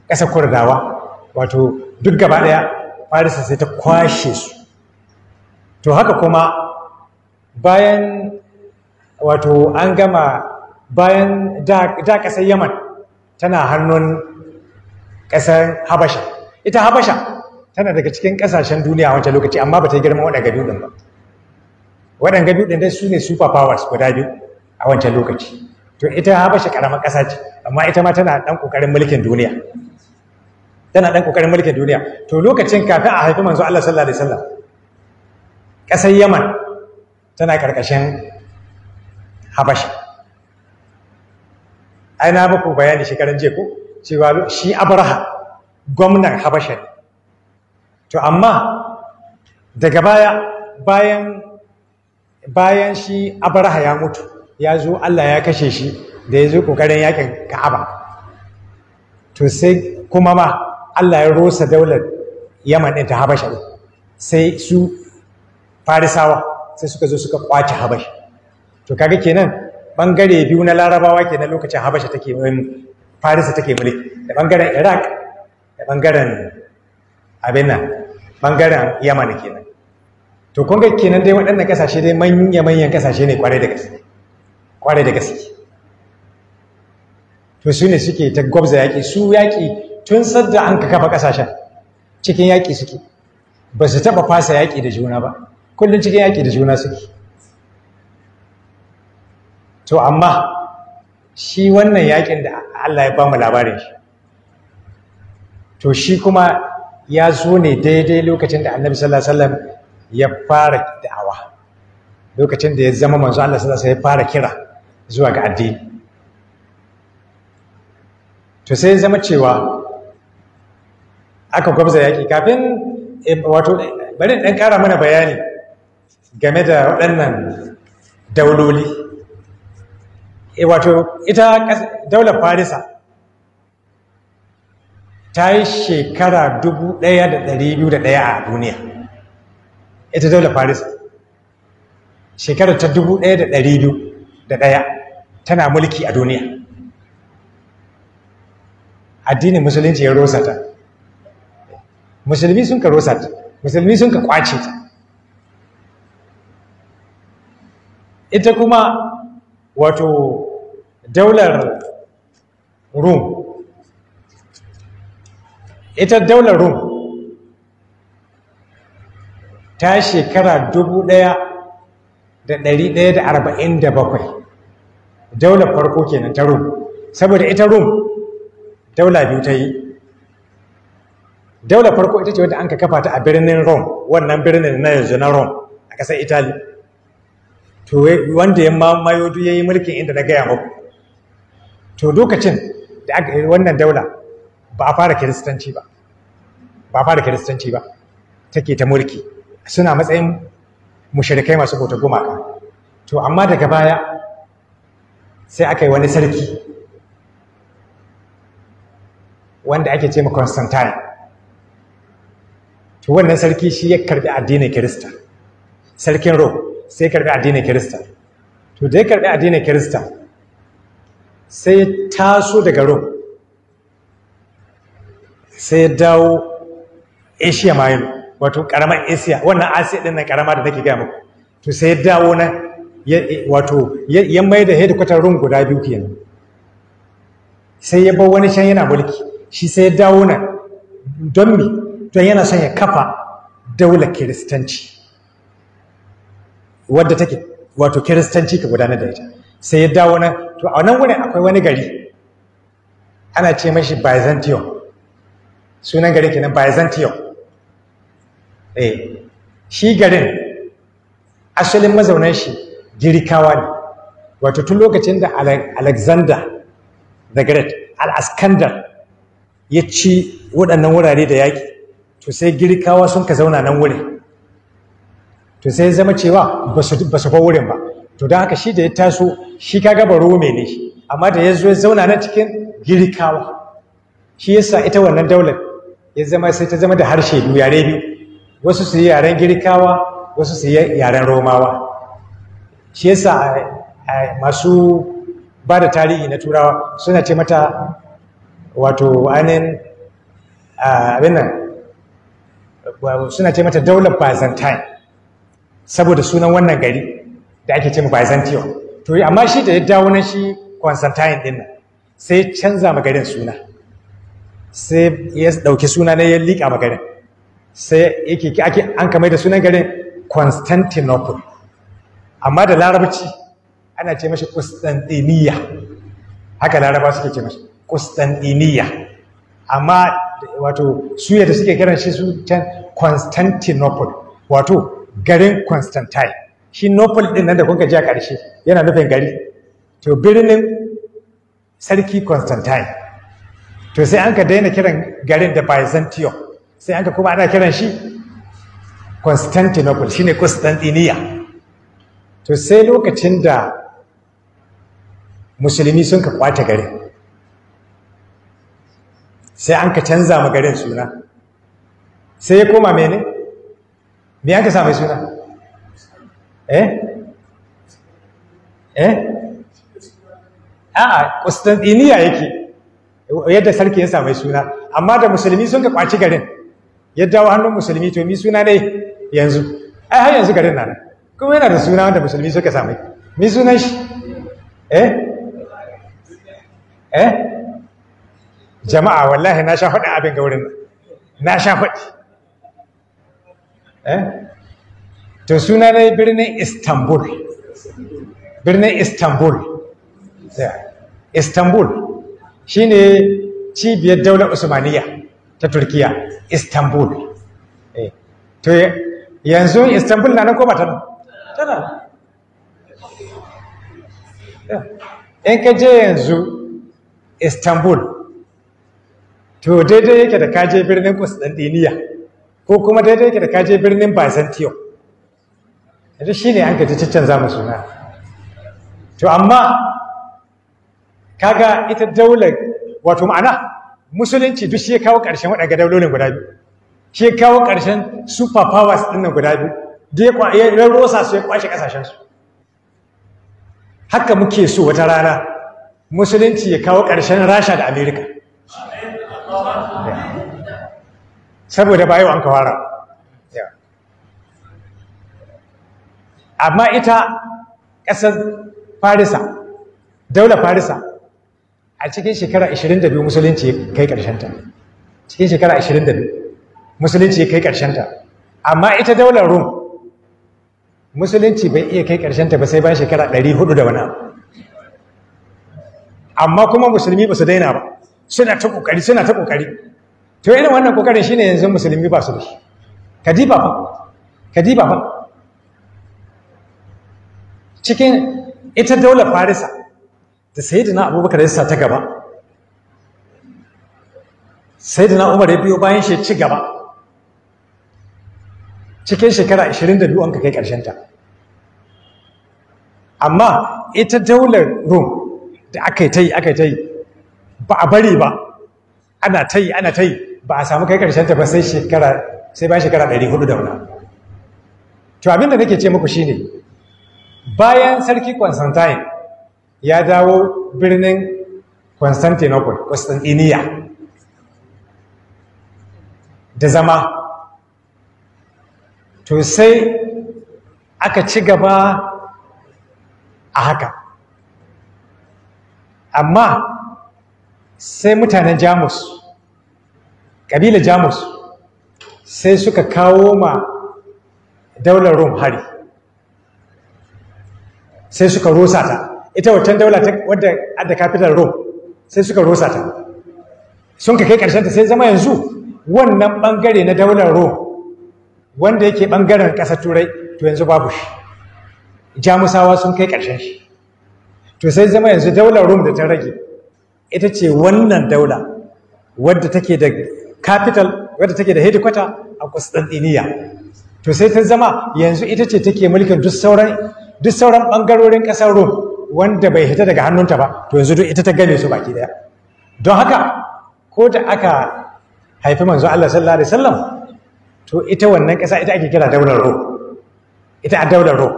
Speaker 1: ƙasar kurdawa wato duk gaba ɗaya farisa sai ta kwashe su to haka kuma bayan wato an gama bayan da ƙasar yaman tana hannun ƙasar habasha ita habasha tana daga cikin ƙasashen duniya a wancan lokaci amma ba ta girma waɗanga biyu ɗin ba waɗanga biyu ɗin dai su ne super powers guda biyu a wancan lokaci to ita habasha ƙaramin ƙasa ce amma ita ma tana ɗan ƙoƙarin mulkin duniya tana ɗan ƙoƙarin mulkin duniya to lokacin kafin a haifi manzo Allah sallallahu alaihi wasallam ƙasar Yaman tana ƙarƙashin Habasha ai na muku bayani shekaran jiya ko cewa shi abraha gwamnan habasha ne to amma daga baya bayan bayan shi abraha ya mutu ya zo allah ya kashe shi da ya zo ƙoƙarin yakin ka'aba to sai kuma ma allah ya rosa daular yaman ɗin ta habasha ne, sai su farisawa sai suka zo suka kwace habasha to kaga kenan bangare biyu na larabawa ke na lokacin habasha take farisa take mulki da bangaren iraq da bangaren abin bangaren yaman kenan to kun ga kenan dai waɗannan ƙasashe dai manya-manyan ƙasashe ne kwarai da gaske kwarai da gaske to su ne suke ta gwabza yaƙi su yaƙi tun sadda an ka kafa ƙasashen cikin yaƙi suke ba su taɓa fasa yaƙi da juna ba kullum cikin yaƙi da juna suke to amma shi wannan yakin da Allah ya ba mu labarin shi to shi kuma ya zo ne daidai lokacin da annabi sallallahu alaihi ya fara da'awa lokacin da ya zama manzo Allah sallallahu alaihi ya fara kira zuwa ga addini to sai ya zama cewa aka gwabza yaki kafin eh, wato bari dan kara mana bayani game da waɗannan dauloli Eh, wato ita daular farisa ta yi shekara 1201 a duniya ita daular farisa shekara ta 1201 tana mulki a duniya addinin musulunci ya rosa ta musulmi sun ka rosa ta musulmi sun ka kwace ta ita kuma wato daular rum ita daular rum ta shekara dubu ɗaya da ɗari ɗaya da arba'in da bakwai daular farko kenan ta rum saboda ita rum daula biyu ta yi daular farko ita ce wadda an ka kafa ta a birnin rum wannan birnin na yanzu na rum a ƙasar italy to wanda ya mamayo duk yayi mulkin inda na gaya muku to lokacin da aka wannan daula ba a fara kiristanci ba ba a fara kiristanci ba take ta mulki suna matsayin mushrikai masu bauta gumaka to amma daga baya sai aka yi wani sarki wanda ake ce ma Constantine to wannan sarki shi ya karbi addinin Kirista sarkin Rome sai karbi addinin kirista to da ya karbi addinin kirista sai taso daga rom sai ya dawo asia mayan wato karamar asia wannan asia din nan karama da take gaya muku to sai ya dawo nan wato ya mai da headquarter rom guda biyu kenan sai ya bar wani can yana mulki shi sai ya dawo nan don mi don yana son ya kafa daular kiristanci wadda take wato kiristanci ka gudanar da ita sai ya dawo na to a nan wurin akwai wani gari ana ce mashi byzantium sunan gari kenan byzantium eh shi garin asalin mazaunan shi girkawa ne wato tun lokacin da alexander the great al-askandar ya ci waɗannan wurare da yaƙi to sai girkawa sun ka zauna nan wurin to sai zama cewa ba su ba wurin ba to don haka shi da ya taso shi ka ga rome ne amma da ya zo ya zauna na cikin girkawa shi yasa ita wannan daular ya zama sai ta zama da harshe biyu yare biyu wasu su yi yaren girkawa wasu su yi yaren romawa shi yasa masu ba da tarihi na turawa suna ce mata wato anin abin suna ce mata daular byzantine saboda sunan wannan gari da ake ce mu Byzantium to amma shi da ya dawo nan shi Constantine din nan sai ya canza ma garin suna sai ya dauki suna na ya liƙa ma garin sai yake ake an kamar da sunan garin Constantinople amma da larabci ana ce mashi Constantinia. haka laraba suke ce mashi Constantinia. amma wato suya da suke kiran shi su can Constantinople wato garin Constantine shi Nopal ɗin nan da kuka ji a ƙarshe yana nufin gari to birnin sarki Constantine to sai an ka daina kiran garin da Byzantium sai an ka kuma ana kiran shi Constantinople shine Constantiniya to sai lokacin da musulmi sun ka kwace garin sai an ka canza ma garin suna sai ya koma mene me ka sa mai suna eh eh a'a Constantiniya yake yadda sarki ya sa mai suna amma da musulmi sun ka kwaci garin Yadda wa hannun musulmi to mi suna ne yanzu ai har yanzu garin na nan kuma yana da suna wanda musulmi suka sami mi sunan shi eh eh jama'a wallahi na sha hudu abin ga wurin na sha faɗi Eh? to suna dai birnin istanbul birnin istanbul istanbul shine cibiyar daular usmaniya ta turkiya istanbul eh. to yanzu istanbul na nan ko ba ta nan tana in ka je yanzu istanbul to daidai yake da kaje birnin constantinople ko kuma daidai ka da kaje birnin byzantium yanzu shi ne an ka ciccen zamu suna to amma kaga ita daular wato ma'ana musulunci duk shi ya kawo ƙarshen waɗanda daulolin guda biyu shi ya kawo ƙarshen super powers ɗin nan guda biyu da ya rosa su ya kwashe ƙasashensu haka muke so wata rana musulunci ya kawo ƙarshen rasha da amerika saboda bayi an fara amma ita ƙasar farisa daular farisa a cikin shekara 22 musulunci kai ƙarshenta cikin shekara 22 musulunci kai ƙarshenta amma ita daular rum musulunci bai iya kai ƙarshenta ba sai bayan shekara 400 da wani amma kuma musulmi ba su daina ba suna ta ƙoƙari suna ta ƙoƙari to irin wannan kokarin shine yanzu musulmi ba su da shi kadiba fa kadiba fa cikin ita daular farisa da sayyidina abubakar ya sa ta gaba sayyidina umar ya biyo bayan shi ci gaba cikin shekara 22 an ka kai karshen ta amma ita daular rum da aka yi ta yi aka yi ta yi ba a bari ba ana ta yi ana ta yi ba a samu kai karshen ta ba sai shekara sai bayan shekara 400 da wuna to abin da nake ce muku shine bayan sarki Constantine ya dawo birnin Constantinople constantinia da zama to sai aka ci gaba a haka amma sai mutanen jamus ƙabila jamus sai suka kawo ma daular rom hari sai suka rosa ta ita wancan daula wadda adda capital rom sai suka rosa ta sun ka kai ƙarshen ta sai zama yanzu wannan ɓangare na daular rom wanda yake ɓangaren ƙasar turai to yanzu babu shi jamusawa sun kai ƙarshen shi to sai zama yanzu daular rom da ta rage ita ce wannan daula wadda take da capital wadda take da headquarter a Constantinople to sai ta zama yanzu ita ce take mulkin duk sauran duk sauran bangarorin kasar Rome wanda bai hita daga hannunta ba to yanzu duk ita ta game su baki daya don haka ko da aka haifi manzo Allah sallallahu alaihi wasallam to ita wannan kasa ita ake kira daular Rome ita a daular Rome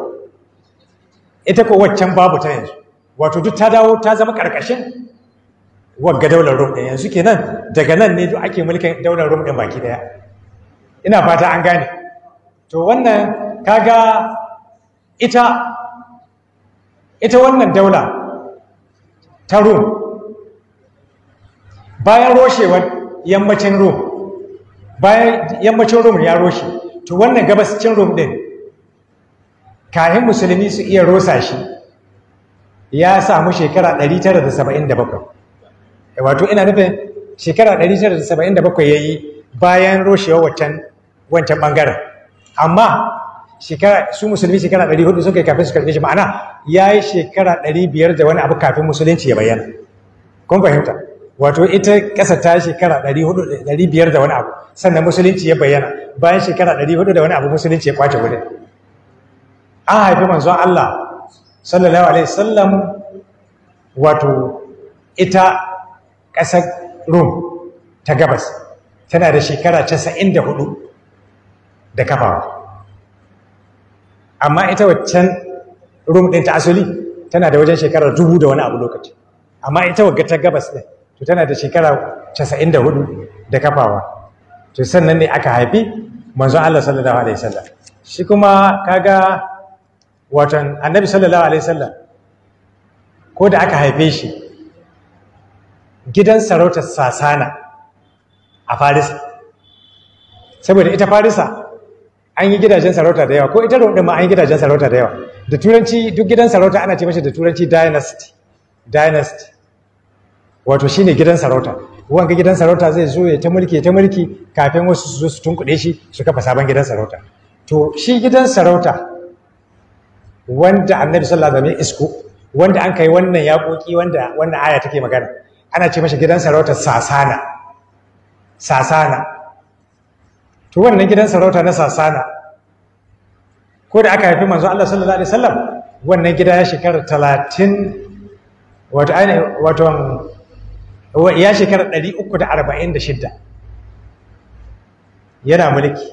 Speaker 1: ita ko waccan babu ta yanzu wato duk ta dawo ta zama karkashin wagga daular rum ɗin yanzu kenan daga nan ne duk ake mulkin daular rum ɗin baki ɗaya ina fata an gane to wannan kaga ita ita wannan daula ta rum bayan roshewar yammacin rum bayan yammacin rum ya roshe to wannan cin rum ɗin kayan musulmi su iya rosa shi ya samu shekara 977 Eh, wato ina nufin shekara 1977 yi bayan roshewar wancan wancan bangaren amma shekara su musulmi shekara 400 sun kai kafin su karfe shi ma'ana ya yi shekara 500 da wani abu kafin musulunci ya bayyana kun fahimta wato ita ƙasa ta shekara 500 da wani abu sannan musulunci ya bayyana bayan shekara 400 da wani abu musulunci ya kwace wurin an haifi manzo Allah sallallahu alaihi wasallam wato ita ƙasar rum ta gabas tana da shekara casa'in da hudu da kafawa amma ita waccan rum ɗin ta asali tana da wajen shekara dubu da wani abu lokaci amma ita wagga ta gabas ɗin to tana da shekara casa'in da hudu da kafawa to sannan ne aka haifi manzon Allah sallallahu alaihi wasallam shi kuma kaga watan annabi sallallahu alaihi wasallam ko da aka haife shi gidan sarautar sasana a farisa saboda ita farisa an yi gidajen sarauta da yawa ko ita rundun ma an yi gidajen sarauta da yawa da turanci duk gidan sarauta ana ce mashi da turanci dynasty dynasty wato shine gidan sarauta wanga gidan sarauta zai zo ya ta mulki ta mulki kafin wasu su zo su tunkuɗe shi su kafa sabon gidan sarauta to shi gidan sarauta wanda annabi sallallahu alaihi wasallam ya isko wanda an kai wannan yaƙoƙi wanda wannan aya take magana ana ce masa gidan sarautar sasana sasana to wannan gidan sarauta na sasana ko da aka haifi manzo Allah sallallahu alaihi wasallam wannan gida ya shekara 30 wato wato ya shekara 346 yana mulki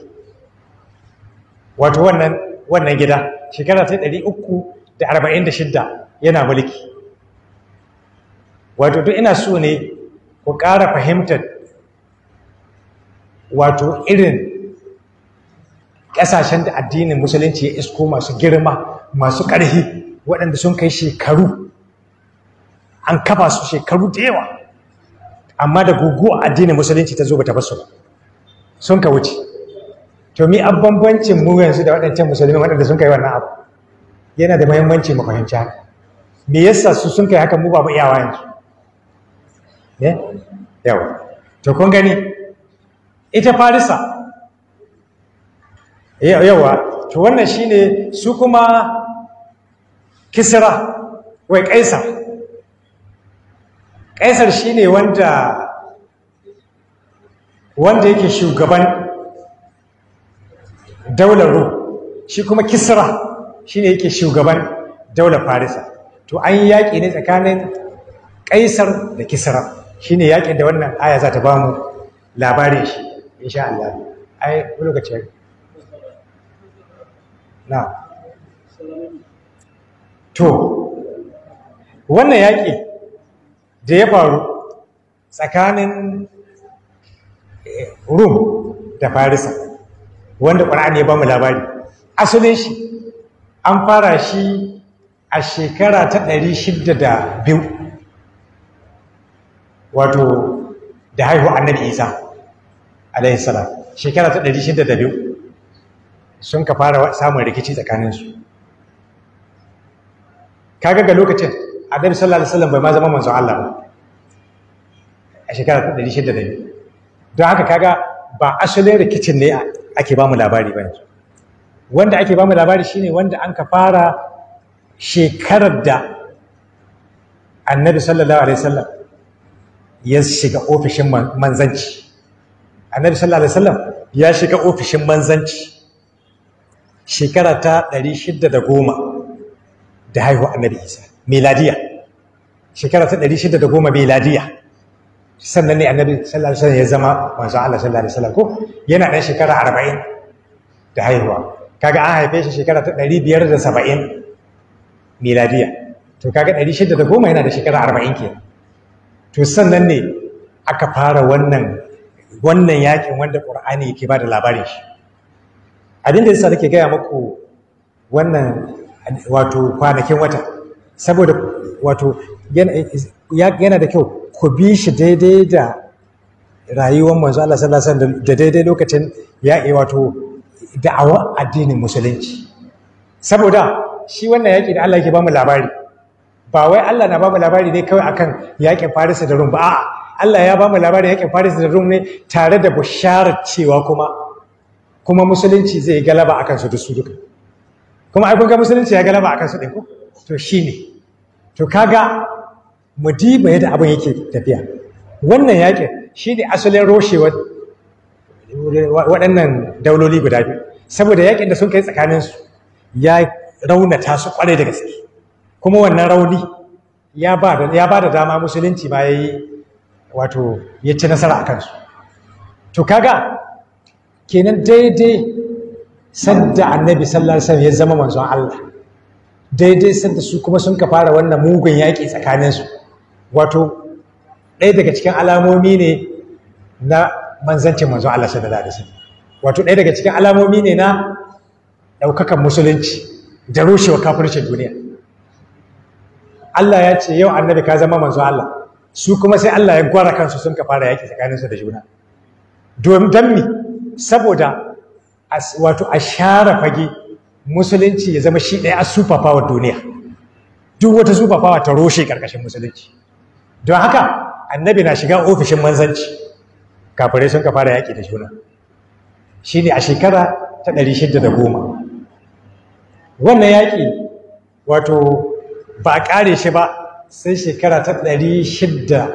Speaker 1: wato wannan wannan gida shekara ta 346 yana mulki wato to ina so ne ku ƙara fahimtar wato irin ƙasashen da addinin musulunci ya isko masu girma masu ƙarfi waɗanda sun kai shekaru an kafa su shekaru da yawa amma da guguwa addinin musulunci ta zo ba ta basu ba sun ka wuce to mi an bambancin mu yanzu da waɗancan musulmi waɗanda sun kai wannan abu yana da muhimmanci mu fahimci haka me yasa su sun kai haka mu ba mu iyawa yanzu Eh? yawa to kun gani ita farisa yawa to wannan shine su kuma kisra wai kaisar kaisar shine wanda wanda yake shugaban daular rum shi kuma kisra shine yake shugaban daular farisa to an yi yaƙi ne tsakanin kaisar da kisra Shi ne yakin da wannan aya za ta ba mu labarin shi insha Allah ai lokacin na to wannan yaƙi da ya faru tsakanin eh, rum da farisa wanda ne ya ba mu labari asalin shi an fara shi a shekara ta 602 wato da haihu annabi isa alaihi salam shekara ta 602 sun ka fara samun rikici tsakaninsu kaga ga lokacin annabi sallallahu alaihi wasallam bai ma zama manzon Allah ba a shekara ta 602 don haka kaga ba asalin rikicin ne ake ba mu labari ba yanzu wanda ake ba mu labari shine wanda an ka fara shekarar da annabi sallallahu alaihi wasallam ya shiga ofishin manzanci annabi sallallahu alaihi wasallam ya shiga ofishin manzanci shekara ta 610 da haihu annabi isa miladiya shekara ta 610 miladiya sannan ne annabi sallallahu alaihi wasallam ya zama manzo Allah sallallahu alaihi wasallam ko yana da shekara 40 da haihuwa kaga an haife shi shekara ta 570 miladiya to kaga 610 yana da shekara 40 kenan to sannan ne aka fara wannan wannan yakin wanda ƙur'ani ke ba da labarin shi abin da yasa nake gaya maku wannan wato kwanakin wata saboda wato yana da kyau ku bi shi daidai da rayuwar manzo Allah sallallahu alaihi wasallam da daidai lokacin ya wato da'awar addinin musulunci saboda shi wannan yaki da Allah yake ba mu labari ba wai Allah na ba mu labari ne kawai akan yakin Faris da Rum ba a'a Allah ya ba mu labarin yakin Faris da Rum ne tare da bisharar cewa kuma kuma musulunci zai galaba akan su da su duka kuma ai kun ga musulunci ya galaba akan su ɗin ko to shine to kaga mu mudiba yadda abin yake tafiya wannan yakin shine asalin roshewar waɗannan dauloli guda biyu saboda yakin da sun kai tsakaninsu ya raunata su kwarai da gaske kuma wannan rauni ya ba da dama musulunci ma ya yi wato ya ci nasara a kansu to kaga kenan daidai sanda annabi sallallahu alaihi ya zama manzon Allah daidai sanda su kuma sun ka fara wannan mugun yaƙi tsakaninsu wato ɗaya daga cikin alamomi ne na manzancin manzon Allah sallallahu alaihi wato ɗaya daga cikin alamomi ne na ɗaukakan musulunci da rushewa kafircin duniya Allah ya ce yau annabi ka zama manzo Allah su kuma sai Allah ya gwara kansu sun ka fara yaki su da juna don mi saboda wato a share fage musulunci ya zama shi ɗaya a super power duniya duk wata super power ta roshe karkashin musulunci don haka annabi na shiga ofishin manzanci kafirai sun ka fara yaƙi da juna shine a shekara ta ɗari shida da goma wannan yaƙi wato ba ƙare shi ba sai shekara ta ɗari shidda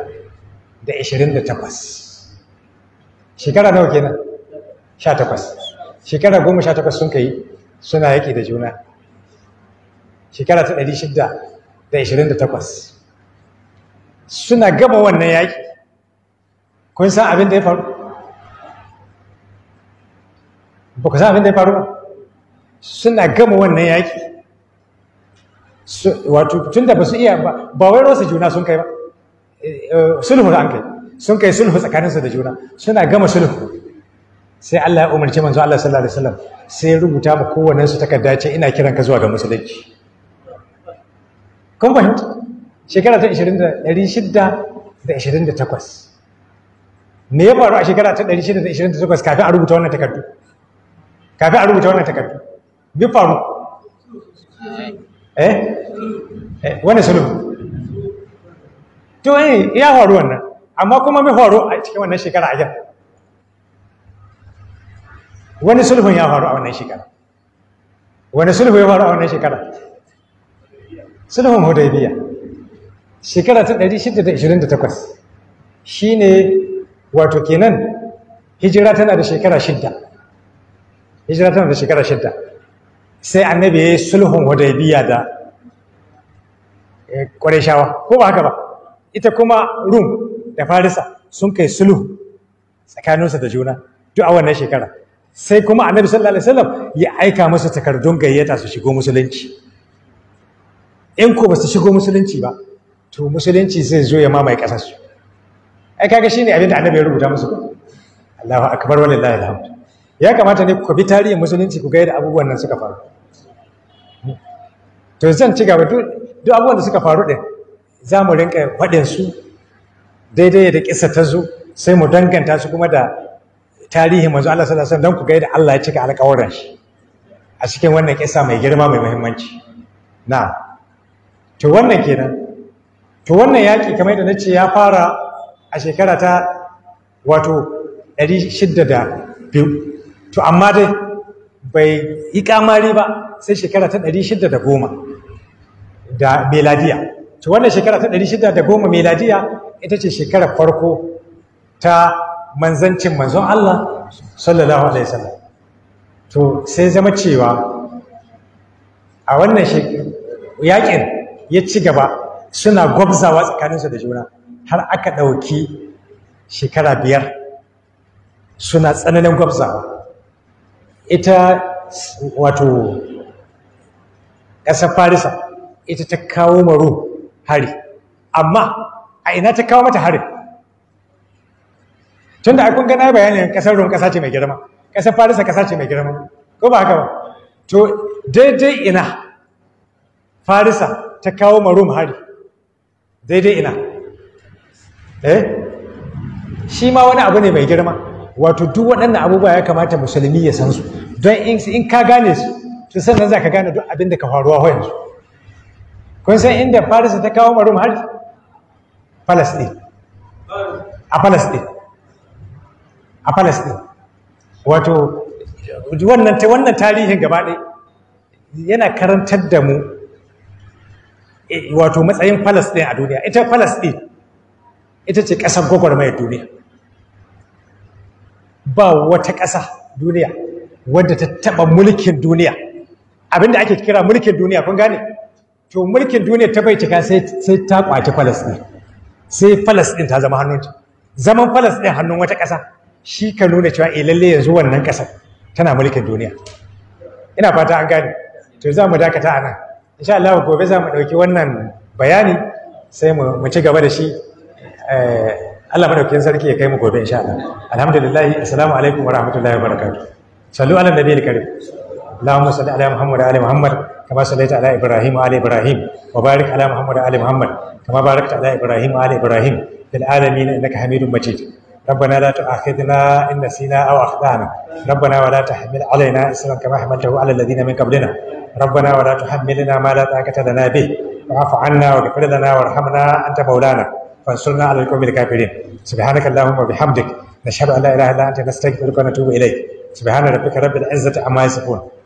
Speaker 1: da ishirin da takwas shekara nawa kenan sha takwas shekara goma sha takwas sun kai suna yaƙi da juna shekara ta ɗari shidda da ishirin da takwas suna gaba wannan yaƙi kun san abin da ya faru ba ku san abin da ya faru ba suna gama wannan yaƙi wato tun da ba su iya ba ba wai rosa juna sun kai ba eh, sulhu an kai sun kai sulhu tsakaninsu da juna suna gama sulhu sai Allah ya umarci manzo Allah sallallahu alaihi wasallam sai ya rubuta mu kowannen su takarda ce ina kiran ka zuwa ga musulunci kun fahimta shekara ta 628 me ya faru a shekara ta 628 kafin a rubuta wannan takardu kafin a rubuta wannan takardu bi faru eh, eh wani sulhu to eh ya horo wannan amma kuma mai horo a cikin wannan shekara ajiyar wani sulhun ya horo a wannan shekara wani sulhu ya horo a wannan shekara sulhun hudaybiya shekara ta 628 shine wato kenan hijira tana da shekara shidda hijira tana da shekara shidda sai annabi ya yi sulhun hudaybiya da ƙwarishawa eh, ko ba haka ba ita kuma rum da farisa sun kai sulhu tsakaninsu da juna duk a wannan shekara sai kuma annabi sallallahu alaihi wasallam ya aika musu takardun gayyata su shigo musulunci in ko ba su shigo musulunci ba to musulunci zai zo ya mamaye ƙasar su ai kaga shine abin da annabi ya rubuta musu Allahu akbar walillahi alhamd ya kamata ne ku bi tarihin musulunci ku ga yadda abubuwan nan suka faru to zan ci gaba duk abubuwan da suka faru ɗin za mu rinka faɗin su daidai da ƙisa ta zo sai mu danganta su kuma da tarihin mazu Allah sallallahu alaihi don ku ga da Allah ya cika alƙawarin shi a cikin wannan ƙisa mai girma mai muhimmanci na to wannan kenan to wannan yaƙi kamar yadda nace ya fara a shekara ta wato biyu, to amma dai bai yi kamari ba sai shekara ta goma. da meladiya to wannan shekara ta 610 meladiya ita ce shekarar farko ta manzancin manzon Allah sallallahu alaihi wasallam to sai zama cewa a wannan yakin ya ci gaba suna gwabzawa tsakaninsu da juna har aka ɗauki shekara biyar suna tsananin gwabzawa ita wato ƙasar farisa ita ta kawo maru hari amma a ina ta kawo mata harin tun da akwai gana bayanin kasar rom kasa ce mai girma kasar farisa kasa ce mai girma ko ba haka ba to daidai ina farisa ta kawo maru hari daidai ina eh shi ma wani abu ne mai girma wato duk waɗannan abubuwa ya kamata musulmi ya san su don in ka gane su to sannan za ka gane duk abin da ka faruwa yanzu kun san inda farisa ta kawo marum hari falasɗin a falasɗin a falasɗin wato wannan tarihin gaba yana karantar da mu eh, wato matsayin falasɗin a duniya ita falasɗin ita ce ƙasar gwagwarmayar duniya ba wata ƙasa duniya wadda ta taɓa mulkin duniya abinda ake kira mulkin duniya kun gane to mulkin duniya ta bai cika sai ta kwaci falasɗin sai falasɗin ta zama ta. zaman falasɗin hannun wata ƙasa shi ka nuna cewa eh lalle yanzu wannan ƙasa tana mulkin duniya ina fata an gane to za mu dakata a nan insha Allah gobe za mu ɗauki wannan bayani sai mu ci gaba da shi eh, Allah madaukakin sarki ya kai mu gobe insha Allah alhamdulillah assalamu alaikum wa rahmatullahi wa barakatuh sallu ala nabiyil karim اللهم صل على محمد وعلى محمد كما صليت على إبراهيم وعلى إبراهيم وبارك على محمد وعلى محمد كما باركت على إبراهيم وعلى إبراهيم في العالمين إنك حميد مجيد ربنا لا تؤاخذنا إن نسينا أو أخطأنا ربنا ولا تحمل علينا إسرا كما حملته على الذين من قبلنا ربنا ولا تحملنا ما لا طاقة لنا به واعف عنا واغفر لنا وارحمنا أنت مولانا فانصرنا على القوم الكافرين سبحانك اللهم وبحمدك نشهد أن لا إله إلا أنت نستغفرك ونتوب إليك سبحان ربك رب العزة عما يصفون